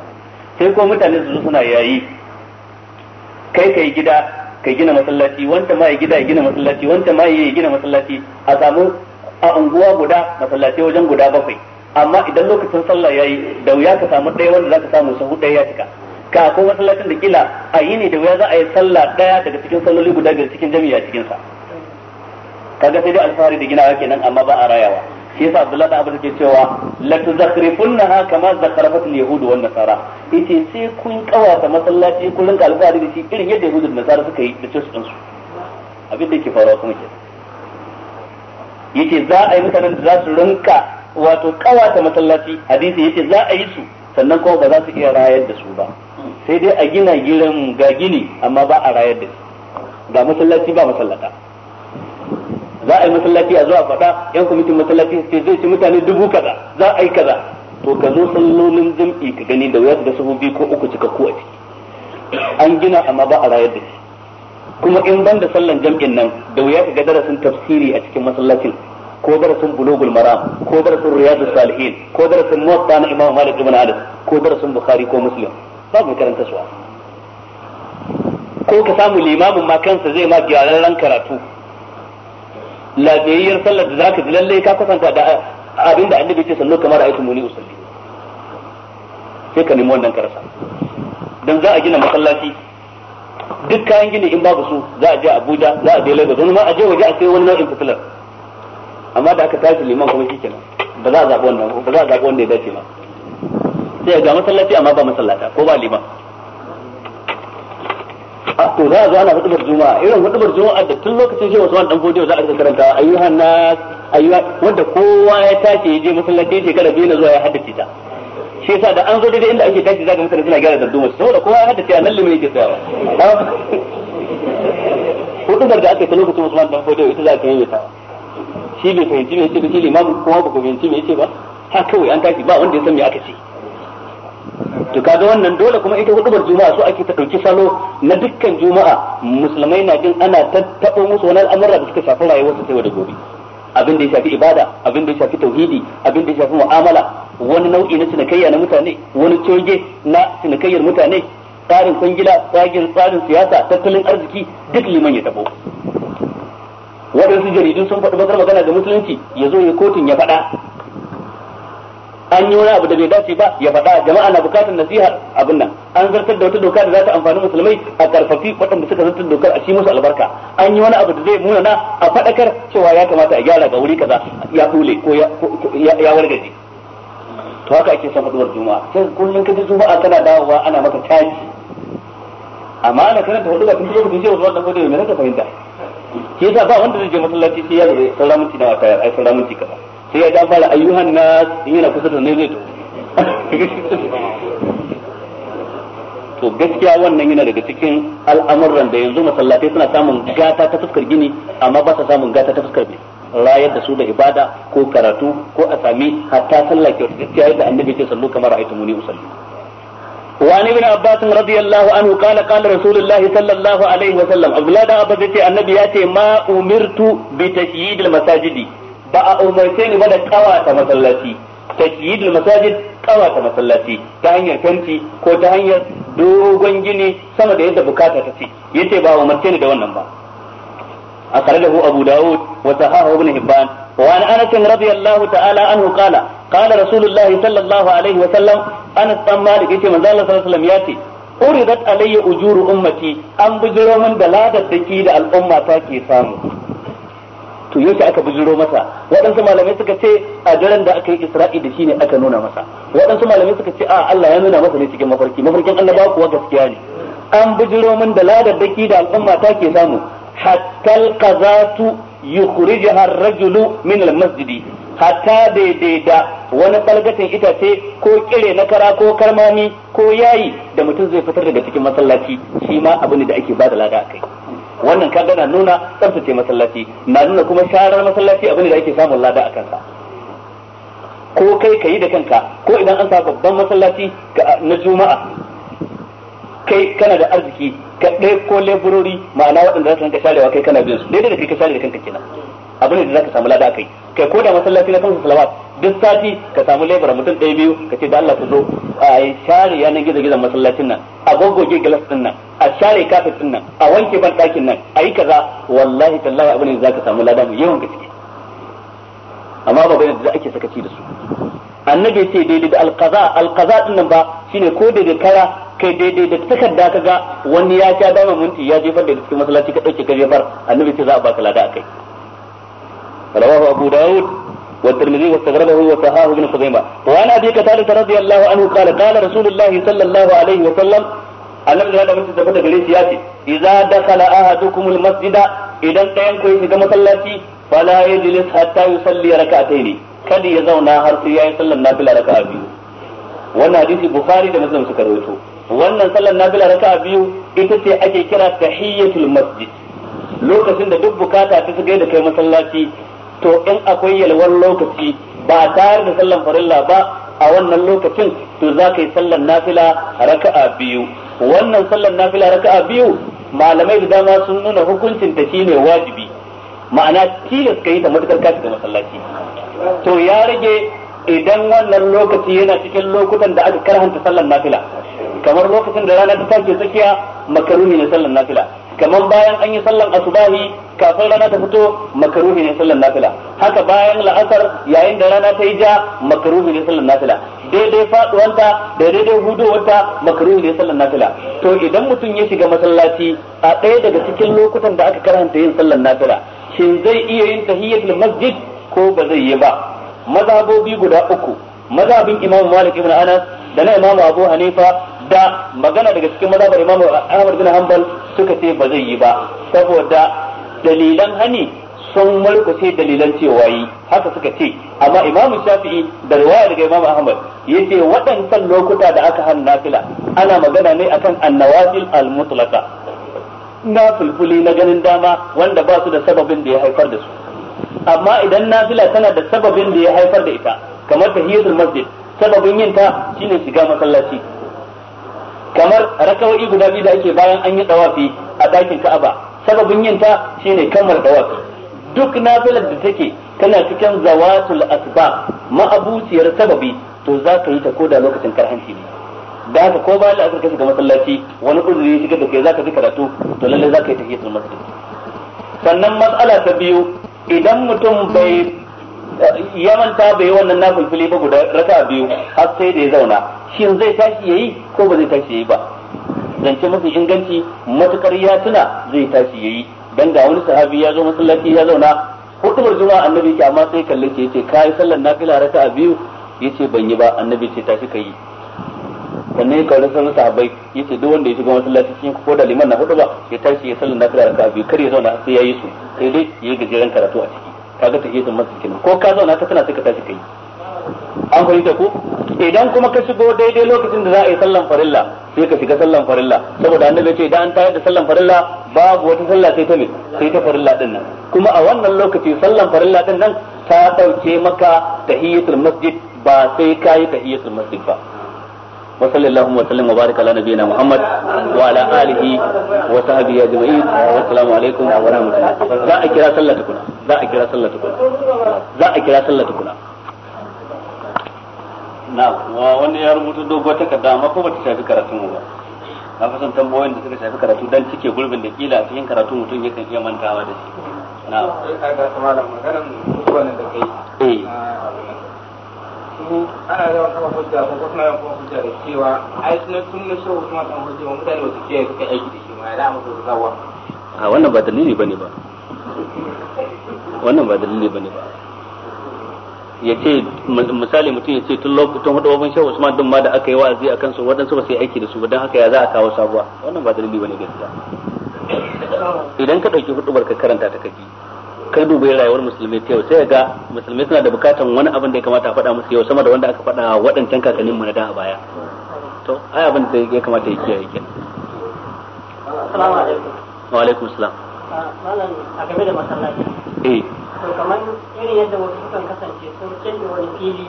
[SPEAKER 2] sai ko mutane su zo suna yayi kai kai gida kai gina masallaci wancan ma ya gida ya gina masallaci wancan ma ya gina masallaci a samu a unguwa guda masallaci wajen guda bakwai amma idan lokacin sallah yayi da wuya ka samu ɗaya wanda zaka samu sahu ɗaya ya cika ka ko masallacin da kila a yi ne da wuya za a yi sallah daya daga cikin salloli guda biyar cikin jami'a cikin sa kaga sai dai alfahari da ginawa kenan amma ba a rayawa shi yasa Abdullahi da Abu ke cewa la tuzakrifunnaha kama zakarafat al-yahud wa nasara ite sai kun kawata masallaci kun rinka alfahari da shi irin yadda yahud da nasara suka yi da church su abin da yake faruwa kuma ke yace za a yi mutanen da za su rinka wato kawata masallaci hadisi yace za a yi su sannan kuma ba za su iya rayar da su ba sai dai a gina gidan ga gini amma ba a rayar da su ga masallaci ba masallata za a yi masallaci a zuwa faɗa yan kwamitin masallaci sai zai ci mutane dubu kaza za a yi kaza to ka zo sallolin jam'i ka gani da wayar da su biyu ko uku ku a ciki an gina amma ba a rayar da su kuma in ban da sallan jam'in nan da wuya ka ga darasin tafsiri a cikin masallacin ko darasin bulugul maram ko darasin riyadus salihin ko darasin muwatta na imam malik ibn anas ko darasin bukhari ko muslim babu karanta suwa ko ka samu limamin ma kansa zai ma gyararren karatu labiyayyar sallar da zaka ji lallai ka kwatanta da abinda annabi ce sallo kamar ayatu muni usalli sai ka nemi wannan karasa dan za a gina masallaci duk kayan gini in babu su za a je Abuja za a je Lagos wani ma a je waje a sai wani nau'in fitilar amma da aka tashi liman kuma shikenan ba za a zaɓi wannan ba za a zaɓi wanda ya dace ba sai ga masallaci amma ba masallata ko ba liman a to za a zo ana hudubar juma'a irin hudubar juma'a da tun lokacin shi wasu wani dan godiya za a karanta ayyuhan na ayyuha wanda kowa ya tashi ya je masallaci shekara biyu na zuwa ya haddace ta shi yasa da an zo daidai inda ake tashi zaka mutane suna gyara darduma saboda kowa ya haddace a nan limin yake tsayawa hudubar da aka yi ta lokacin wani dan godiya ita za ka yi ta shi bai fahimci me yace ba shi limamin kuma ba ku fahimci me yace ba ha kawai an tashi ba wanda ya san me aka ce to kaga wannan dole kuma ita hudubar juma'a su ake ta dauki salo na dukkan juma'a musulmai na jin ana tattabo musu wani al'amura da suka shafi rayuwar su da gobe abin da ya shafi ibada abin da ya shafi tauhidi abin da ya shafi mu'amala wani nau'i na cinikayya na mutane wani coge na cinikayyar mutane tsarin kwangila tsarin tsarin siyasa tattalin arziki duk liman ya tabo waɗansu jaridun sun faɗi bakar magana da musulunci ya zo ya kotun ya faɗa an yi wani abu da bai dace ba ya faɗa jama'a na bukatar nasihar abin nan an zartar da wata doka da za ta amfani musulmai a karfafi waɗanda suka zartar dokar a shi musu albarka an yi wani abu da zai munana a faɗakar cewa ya kamata a gyara ga wuri kaza ya kule ko ya wargaje to haka ake son faɗuwar juma'a sai kullum ka ji juma'a tana dawowa ana maka caji amma ana kana hudu ga tun lokacin shi wannan gode mai ka fahimta ke yasa ba wanda zai je masallaci sai ya zo sauran minti na wata ai sauran minti kaza sai ya dafa da ayyuhan nas yana kusa da ne zai to to gaskiya wannan yana daga cikin al'amuran da yanzu masallatai suna samun gata ta fuskar gini amma ba sa samun gata ta fuskar gini rayar da su da ibada ko karatu ko a sami hatta sallah ke gaskiya yadda annabi ke sallu kamar aitumuni usalli وعن ابن عباس رضي الله عنه قال قال رسول الله صلى الله عليه وسلم عبد الله بن عباس النبي ياتي ما امرت بتشييد المساجد ba a umarce ni ba da kawata masallaci ta yidul masajid kawata masallaci ta hanyar kanti ko ta hanyar dogon gini sama da yadda bukata ta ce yace ba umarce ni da wannan ba a kare da Abu Dawud wa sahahu Ibn Hibban wa an Anas radiyallahu ta'ala anhu qala qala Rasulullahi sallallahu alaihi wa sallam Anas dan Malik yace manzo Allah sallallahu alaihi wa uridat alayya ujuru ummati an bujiro min da ladar da da al'umma ta ke samu to yau aka bujiro masa waɗansu malamai suka ce a daren da aka yi isra'i da shi ne aka nuna masa waɗansu malamai suka ce a Allah ya nuna masa ne cikin mafarki mafarkin annaba kuwa gaskiya ne an bujiro min da ladaddaki da al'umma ta ke samu hatta alqazatu yukhrijaha ar-rajulu min al-masjidi hatta daidai da wani balgatin itace ko kire na kara ko karmami ko yayi da mutum zai fitar daga cikin masallaci shi ma abu ne da ake ba da lada kai. wannan kaga na nuna tsaftace masallaci na nuna kuma sharar masallaci abin da ake samun lada a kansa ko kai ka yi da kanka ko idan an sa babban masallaci na juma'a kai kana da arziki ka ɗaya ko leburori ma'ana waɗanda za su rinka sharewa kai kana bin su daidai da kai ka share da kanka kenan abin da za ka samu lada kai kai ko da masallaci na kansa salawat duk sati ka samu lebura mutum ɗaya biyu ka ce da Allah ku zo a share yanar gizo gizon masallacin nan a gogoge gilas din nan a share kafet din nan a wanke ban ɗakin nan a yi kaza wallahi tallahi abin da za ka samu lada mai yawan gaske amma ba bayan da ake sakaci da su annabi ce daidai da alkaza alqaza din nan ba shine ko da kara kai daidai da takarda ka ga wani ya sha dama minti ya jefar da cikin masallaci ka ɗauke ka jefar annabi ce za a baka lada akai rawahu abu daud والترمذي واستغربه وصححه ابن خزيمة وعن أبي قتادة رضي الله عنه قال قال رسول الله صلى الله عليه وسلم annabi da mutum da fata gare shi ya ce idza dakhala masjida idan ɗayan ku ya shiga masallaci fala yajlis hatta yusalli rak'atayn kada ya zauna har sai yayi sallar nafila raka'a biyu wannan hadisi bukhari da muslim suka rawaito wannan sallar nafila raka'a biyu ita ce ake kira tahiyyatul masjid lokacin da duk bukata ta shiga da kai masallaci to in akwai yalwar lokaci ba tare da sallan farilla ba a wannan lokacin to za ka yi sallan nafila raka'a biyu wannan sallan nafila raka'a biyu malamai da dama sun nuna hukuncin ta shine wajibi ma'ana tilas ka yi ta matukar kashi da masallaci to ya rage idan wannan lokaci yana cikin lokutan da aka karhanta sallan nafila kamar lokacin da rana ta take tsakiya makaruhi ne sallan nafila kamar bayan an yi sallar asubahi kafin rana ta fito makaruhi ne sallan nafila haka bayan la'asar yayin da rana ta yi ja makaruhi ne sallan nafila daidai faduwanta da daidai hudowarta makaruhi ne sallan nafila to idan mutum ya shiga masallaci a ɗaya daga cikin lokutan da aka karanta yin sallan nafila shin zai iya yin tahiyatul masjid ko ba zai yi ba mazhabobi guda uku mazhabin Imam Malik ibn Anas da na Imam Abu Hanifa da magana daga cikin mazhabar Imam Ahmad bin Hanbal suka ce ba zai yi ba saboda dalilan hani sun sai dalilan cewa yi haka suka ce amma Imam Shafi'i da riwaya daga Imam Ahmad yace waɗancan lokuta da aka hanna nafila ana magana ne akan annawafil al-mutlaqa na fulfuli na ganin dama wanda ba su da sababin da ya haifar da su amma idan nafila tana da sababin da ya haifar da ita kamar tahiyatul masjid sababin yin ta shine shiga masallaci kamar rakawai guda biyu da ake bayan an yi dawafi a dakin Ka'aba sababin yin ta shine kammala dawafi duk nafilar da take tana cikin zawatul asbab ma'abuciyar sababi to za ka yi ta koda lokacin karhanci ne da haka ko bayan la'asar ka shiga masallaci wani uzuri ya shiga da kai za ka fi karatu to lallai za ka yi tahiyatul masjid sannan matsala ta biyu idan mutum bai eh, ya manta bai wannan na fulfili ba guda raka biyu har sai da ya zauna shin zai tashi yayi ko ba zai tashi yayi ba zance mafi inganci matukar ya tuna zai tashi yayi dan ga wani sahabi ya zo masallaci ya zauna hutubar juma'a annabi ke amma sai kalle ce yace kai sallar nafila raka biyu yace ban yi ba annabi ce tashi kai sannan ya kauri sanin sahabbai ce duk wanda ya shiga masallaci cikin ko da liman na hudu ba ya tashi ya sallan nafila raka'a biyu kar ya zauna sai yayi su sai dai yayi gajeren karatu a ciki kaga ta yadda masu kenan ko ka zauna ta tana sai ka tashi kai an ta ko idan kuma ka shigo daidai lokacin da za a yi sallan farilla sai ka shiga sallan farilla saboda annabi ce idan an tayar da sallan farilla babu wata sallah sai ta me sai ta farilla din nan kuma a wannan lokaci sallan farilla din nan ta dauke maka tahiyatul masjid ba sai kai tahiyatul masjid ba wa sallallahu wa sallam wa baraka ala nabiyyina muhammad wa ala wa sahbihi wa assalamu alaikum wa rahmatullahi za a kira sallah tukuna za a kira sallah tukuna za a kira sallah tukuna na wani ya rubuta dogon takarda amma ko bata shafi karatun ba na fi son tambayoyin da suka shafi karatu dan cike gurbin da kila a cikin karatu mutum yakan iya mantawa da shi na
[SPEAKER 1] ga su ana yawan kafa hujja ko kuma yawan kafa hujja da cewa ai sunan sunna shehu kuma kan hujja wa mutane wasu ke suka aiki da shi ma da mu da zawa
[SPEAKER 2] a wannan ba dalili bane ba wannan ba dalili bane ba ya ce misali mutum ya ce tun lokacin hudu wafin shehu usman din ma da aka yi wa'azi a kansu waɗansu ba su yi aiki da su ba don haka ya za a kawo sabuwa wannan ba dalili bane gaskiya idan ka ɗauki hudubar ka karanta ta kaji ka dubi rayuwar musulmi ta yau sai ga musulmi suna da bukatan wani abin da ya kamata a faɗa musu yau sama da wanda aka faɗa waɗancan kakannin mu na da a baya to ai abin da ya kamata ya kiyaye kenan salamu alaikum wa alaikum assalam
[SPEAKER 1] ah, malam a game da masallaci eh to kamar irin yadda wasu sukan kasance sun canza wani fili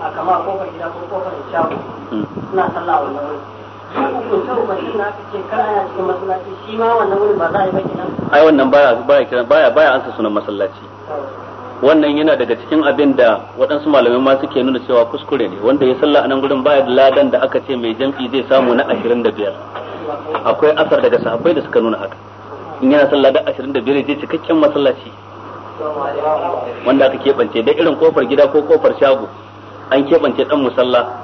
[SPEAKER 1] a kama kofar gida ko kofar shago hmm. suna sallah wannan wuri
[SPEAKER 2] ai wannan baya baya baya ansa sunan masallaci wannan yana daga cikin abin da waɗansu malamai ma suke nuna cewa kuskure ne wanda ya sallah a nan gurin baya da ladan da aka ce mai jam'i zai samu na 25 akwai asar daga sahabbai da suka nuna haka in yana sallah da 25 zai cikakken masallaci wanda aka keɓance da irin kofar gida ko kofar shago an keɓance dan musalla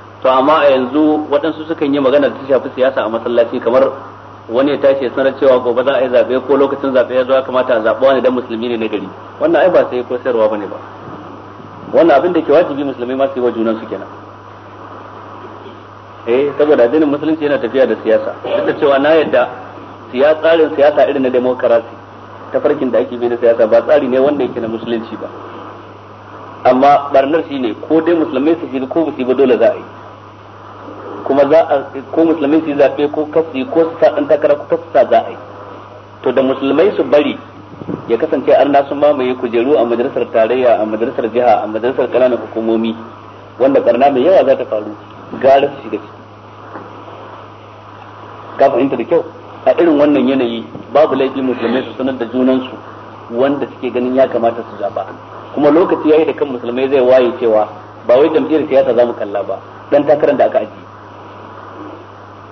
[SPEAKER 2] to amma a yanzu waɗansu sukan yi magana da ta shafi siyasa a masallaci kamar wani ya tashi ya sanar cewa gobe za a yi zaɓe ko lokacin zaɓe ya zo ya kamata a zaɓa wani dan musulmi ne na gari wannan ai ba sai ko sayarwa ne ba wannan abin da ke wajibi musulmi ma su yi wa junan su kenan eh saboda addinin musulunci yana tafiya da siyasa duk da cewa na yadda siyasa tsarin siyasa irin na demokarasi farkin da ake bi na siyasa ba tsari ne wanda yake na musulunci ba amma barnar shi ne ko dai musulmai su shiga ko ba su ba dole za a yi kuma za a ko musulmai su zaɓe ko kasu ko su sa ɗan takara ko kasu sa za to da musulmai su bari ya kasance an nasu mamaye kujeru a majalisar tarayya a majalisar jiha a majalisar ƙananan hukumomi wanda karna mai yawa za ta faru gara su shiga ciki ka fahimta da kyau a irin wannan yanayi babu laifi musulmai su sanar da junansu wanda suke ganin ya kamata su zaba kuma lokaci yayi da kan musulmai zai waye cewa ba wai jam'iyyar siyasa za mu kalla ba dan takarar da aka ajiye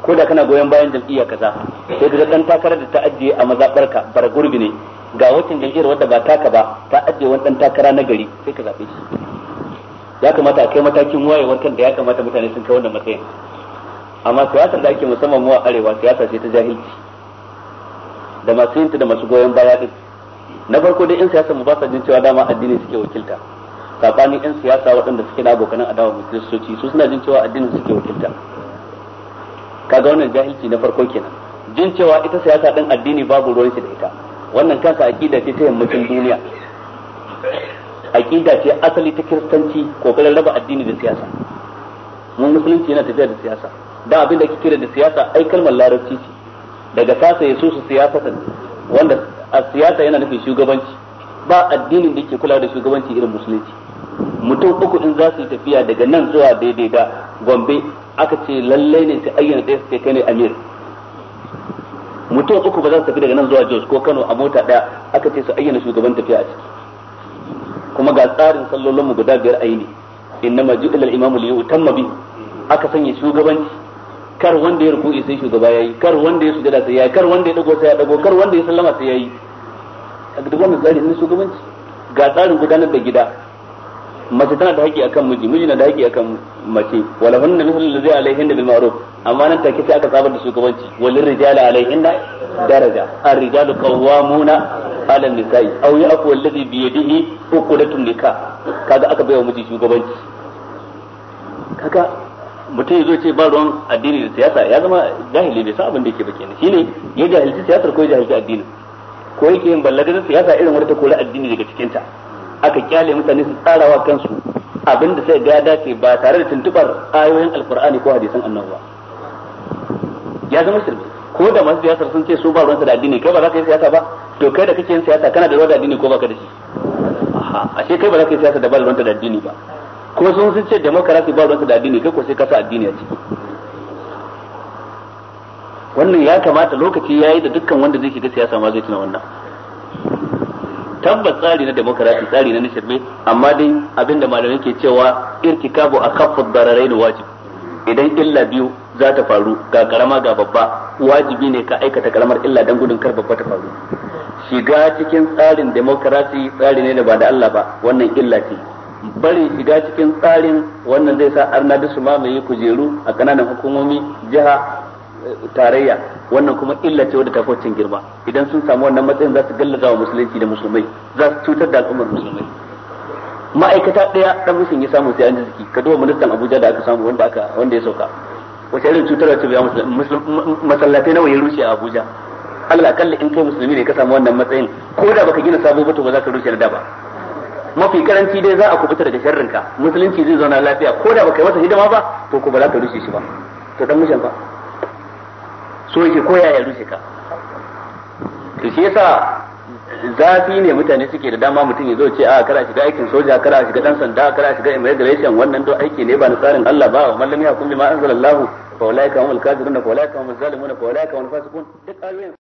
[SPEAKER 2] ko da kana goyon bayan jam'iyya kaza sai ka dan takarar da ta ajiye a mazabar ka bar gurbi ne ga wacin jam'iyyar wadda ba taka ba ta ajiye wani dan takara na gari sai ka zabe shi ya kamata a kai matakin wayewar kan da ya kamata mutane sun kai wannan matsayin amma siyasar da ake musamman mu a arewa siyasa ce ta jahilci da masu yinta da masu goyon baya din na farko dai in siyasa mu ba sa jin cewa dama addini suke wakilta sabanin yan siyasa waɗanda suke na abokanan adawa mai kiristoci su suna jin cewa addinin suke wakilta kaga wannan jahilci na farko kenan jin cewa ita siyasa din addini babu ruwan shi da ita wannan kansa aqida ce ta yammacin duniya aqida ce asali ta kiristanci kokarin raba addini da siyasa mun musulunci yana tafiya da siyasa da abin da ake kira da siyasa ai kalmar larabci ce daga kasa yaso su siyasatan wanda a siyasa yana nufin shugabanci ba addinin da ke kula da shugabanci irin musulunci mutum uku in za su yi tafiya daga nan zuwa daidai da gombe aka ce lallai ne ta ayyana ɗaya sai kai ne amir mutum uku ba za su tafi daga nan zuwa Jos ko Kano a mota ɗaya aka ce su ayyana shugaban tafiya a ciki kuma ga tsarin sallolin mu guda biyar ne inna ma ju'ila al-imamu li yutamma bi aka sanya shugabanci kar wanda ya ruku'i sai shugaba yayi kar wanda ya sujada sai yayi kar wanda ya dago sai ya dago kar wanda ya sallama sai yayi kaga duk wannan tsari ne shugabanci ga tsarin gudanar da gida mace tana da haƙƙi akan miji miji na da haƙƙi akan mace wala hunna mithlu zai alaihinna bil ma'ruf amma nan take sai aka tsabar da shugabanci walil rijali da daraja ar rijalu qawwamuna ala nisa'i aw yaqul allazi bi yadihi uqdatun nikah kaga aka baiwa miji shugabanci kaga mutum ya zo ce ba ruwan addini da siyasa ya zama jahili bai san abin da yake ba kenan shine ya jahilci siyasar ko ya jahilci addinin ko yake yin da siyasa irin wani ta kori addini daga cikinta. ta aka kyale mutane su wa kansu abin da sai ga ya dace ba tare da tuntubar ayoyin alkur'ani ko hadisan annabawa ya zama shirme ko da masu siyasar sun ce su ba ruwansa da addini kai ba za ka yi siyasa ba to kai da kake yin siyasa kana da ruwan da addini ko baka da shi ashe kai ba za ka yi siyasa da ba ruwanka da addini ba ko sun sun ce demokarasi ba ruwansa da addini kai ko sai ka sa addini a ciki wannan ya kamata lokaci ya yi da dukkan wanda zai shiga siyasa ma zai tuna wannan tabbas tsari na demokarasi tsari na nishirme amma dai abinda malamai ke cewa irtikabu bararai da wajib idan illa biyu za ta faru ga karama ga babba wajibi ne ka aikata karamar illa dan gudun kar babba ta faru shiga cikin tsarin demokarasi tsari ne da ba da Allah ba wannan illa ce bari shiga cikin tsarin wannan zai sa arna da su mamaye kujeru a kananan hukumomi jiha eh, tarayya wannan kuma illa ce wadda tafi wacin girma idan sun samu wannan matsayin za su gallaza wa musulunci da musulmai za su cutar da al'ummar musulmai ma'aikata ɗaya ɗan musun ya samu sai an ji ziki ka duba ministan abuja da aka samu wanda aka wanda ya sauka wace irin cutarwa ce biya masallatai nawa ya rushe a abuja allah akalla in kai musulmi ne ka samu wannan matsayin ko da baka gina sabo ba to ba za ka rushe da ba mafi karanci dai za a kubuta daga sharrinka musulunci zai zauna lafiya ko da baka yi masa hidima ba to ko ba za ka rushe shi ba to dan mushan ba so yake koya ya rufe ka to shi yasa zafi ne mutane suke da dama mutum ya zo ce ah, a kara shiga aikin soja kara shiga dan sanda kara shiga immigration wannan don aiki ne ba na tsarin Allah ba amma lam yakum bima anzalallahu fa ulaika humul kafirun fa ulaika humuz zalimun fa ulaika humul fasiqun duk ayoyin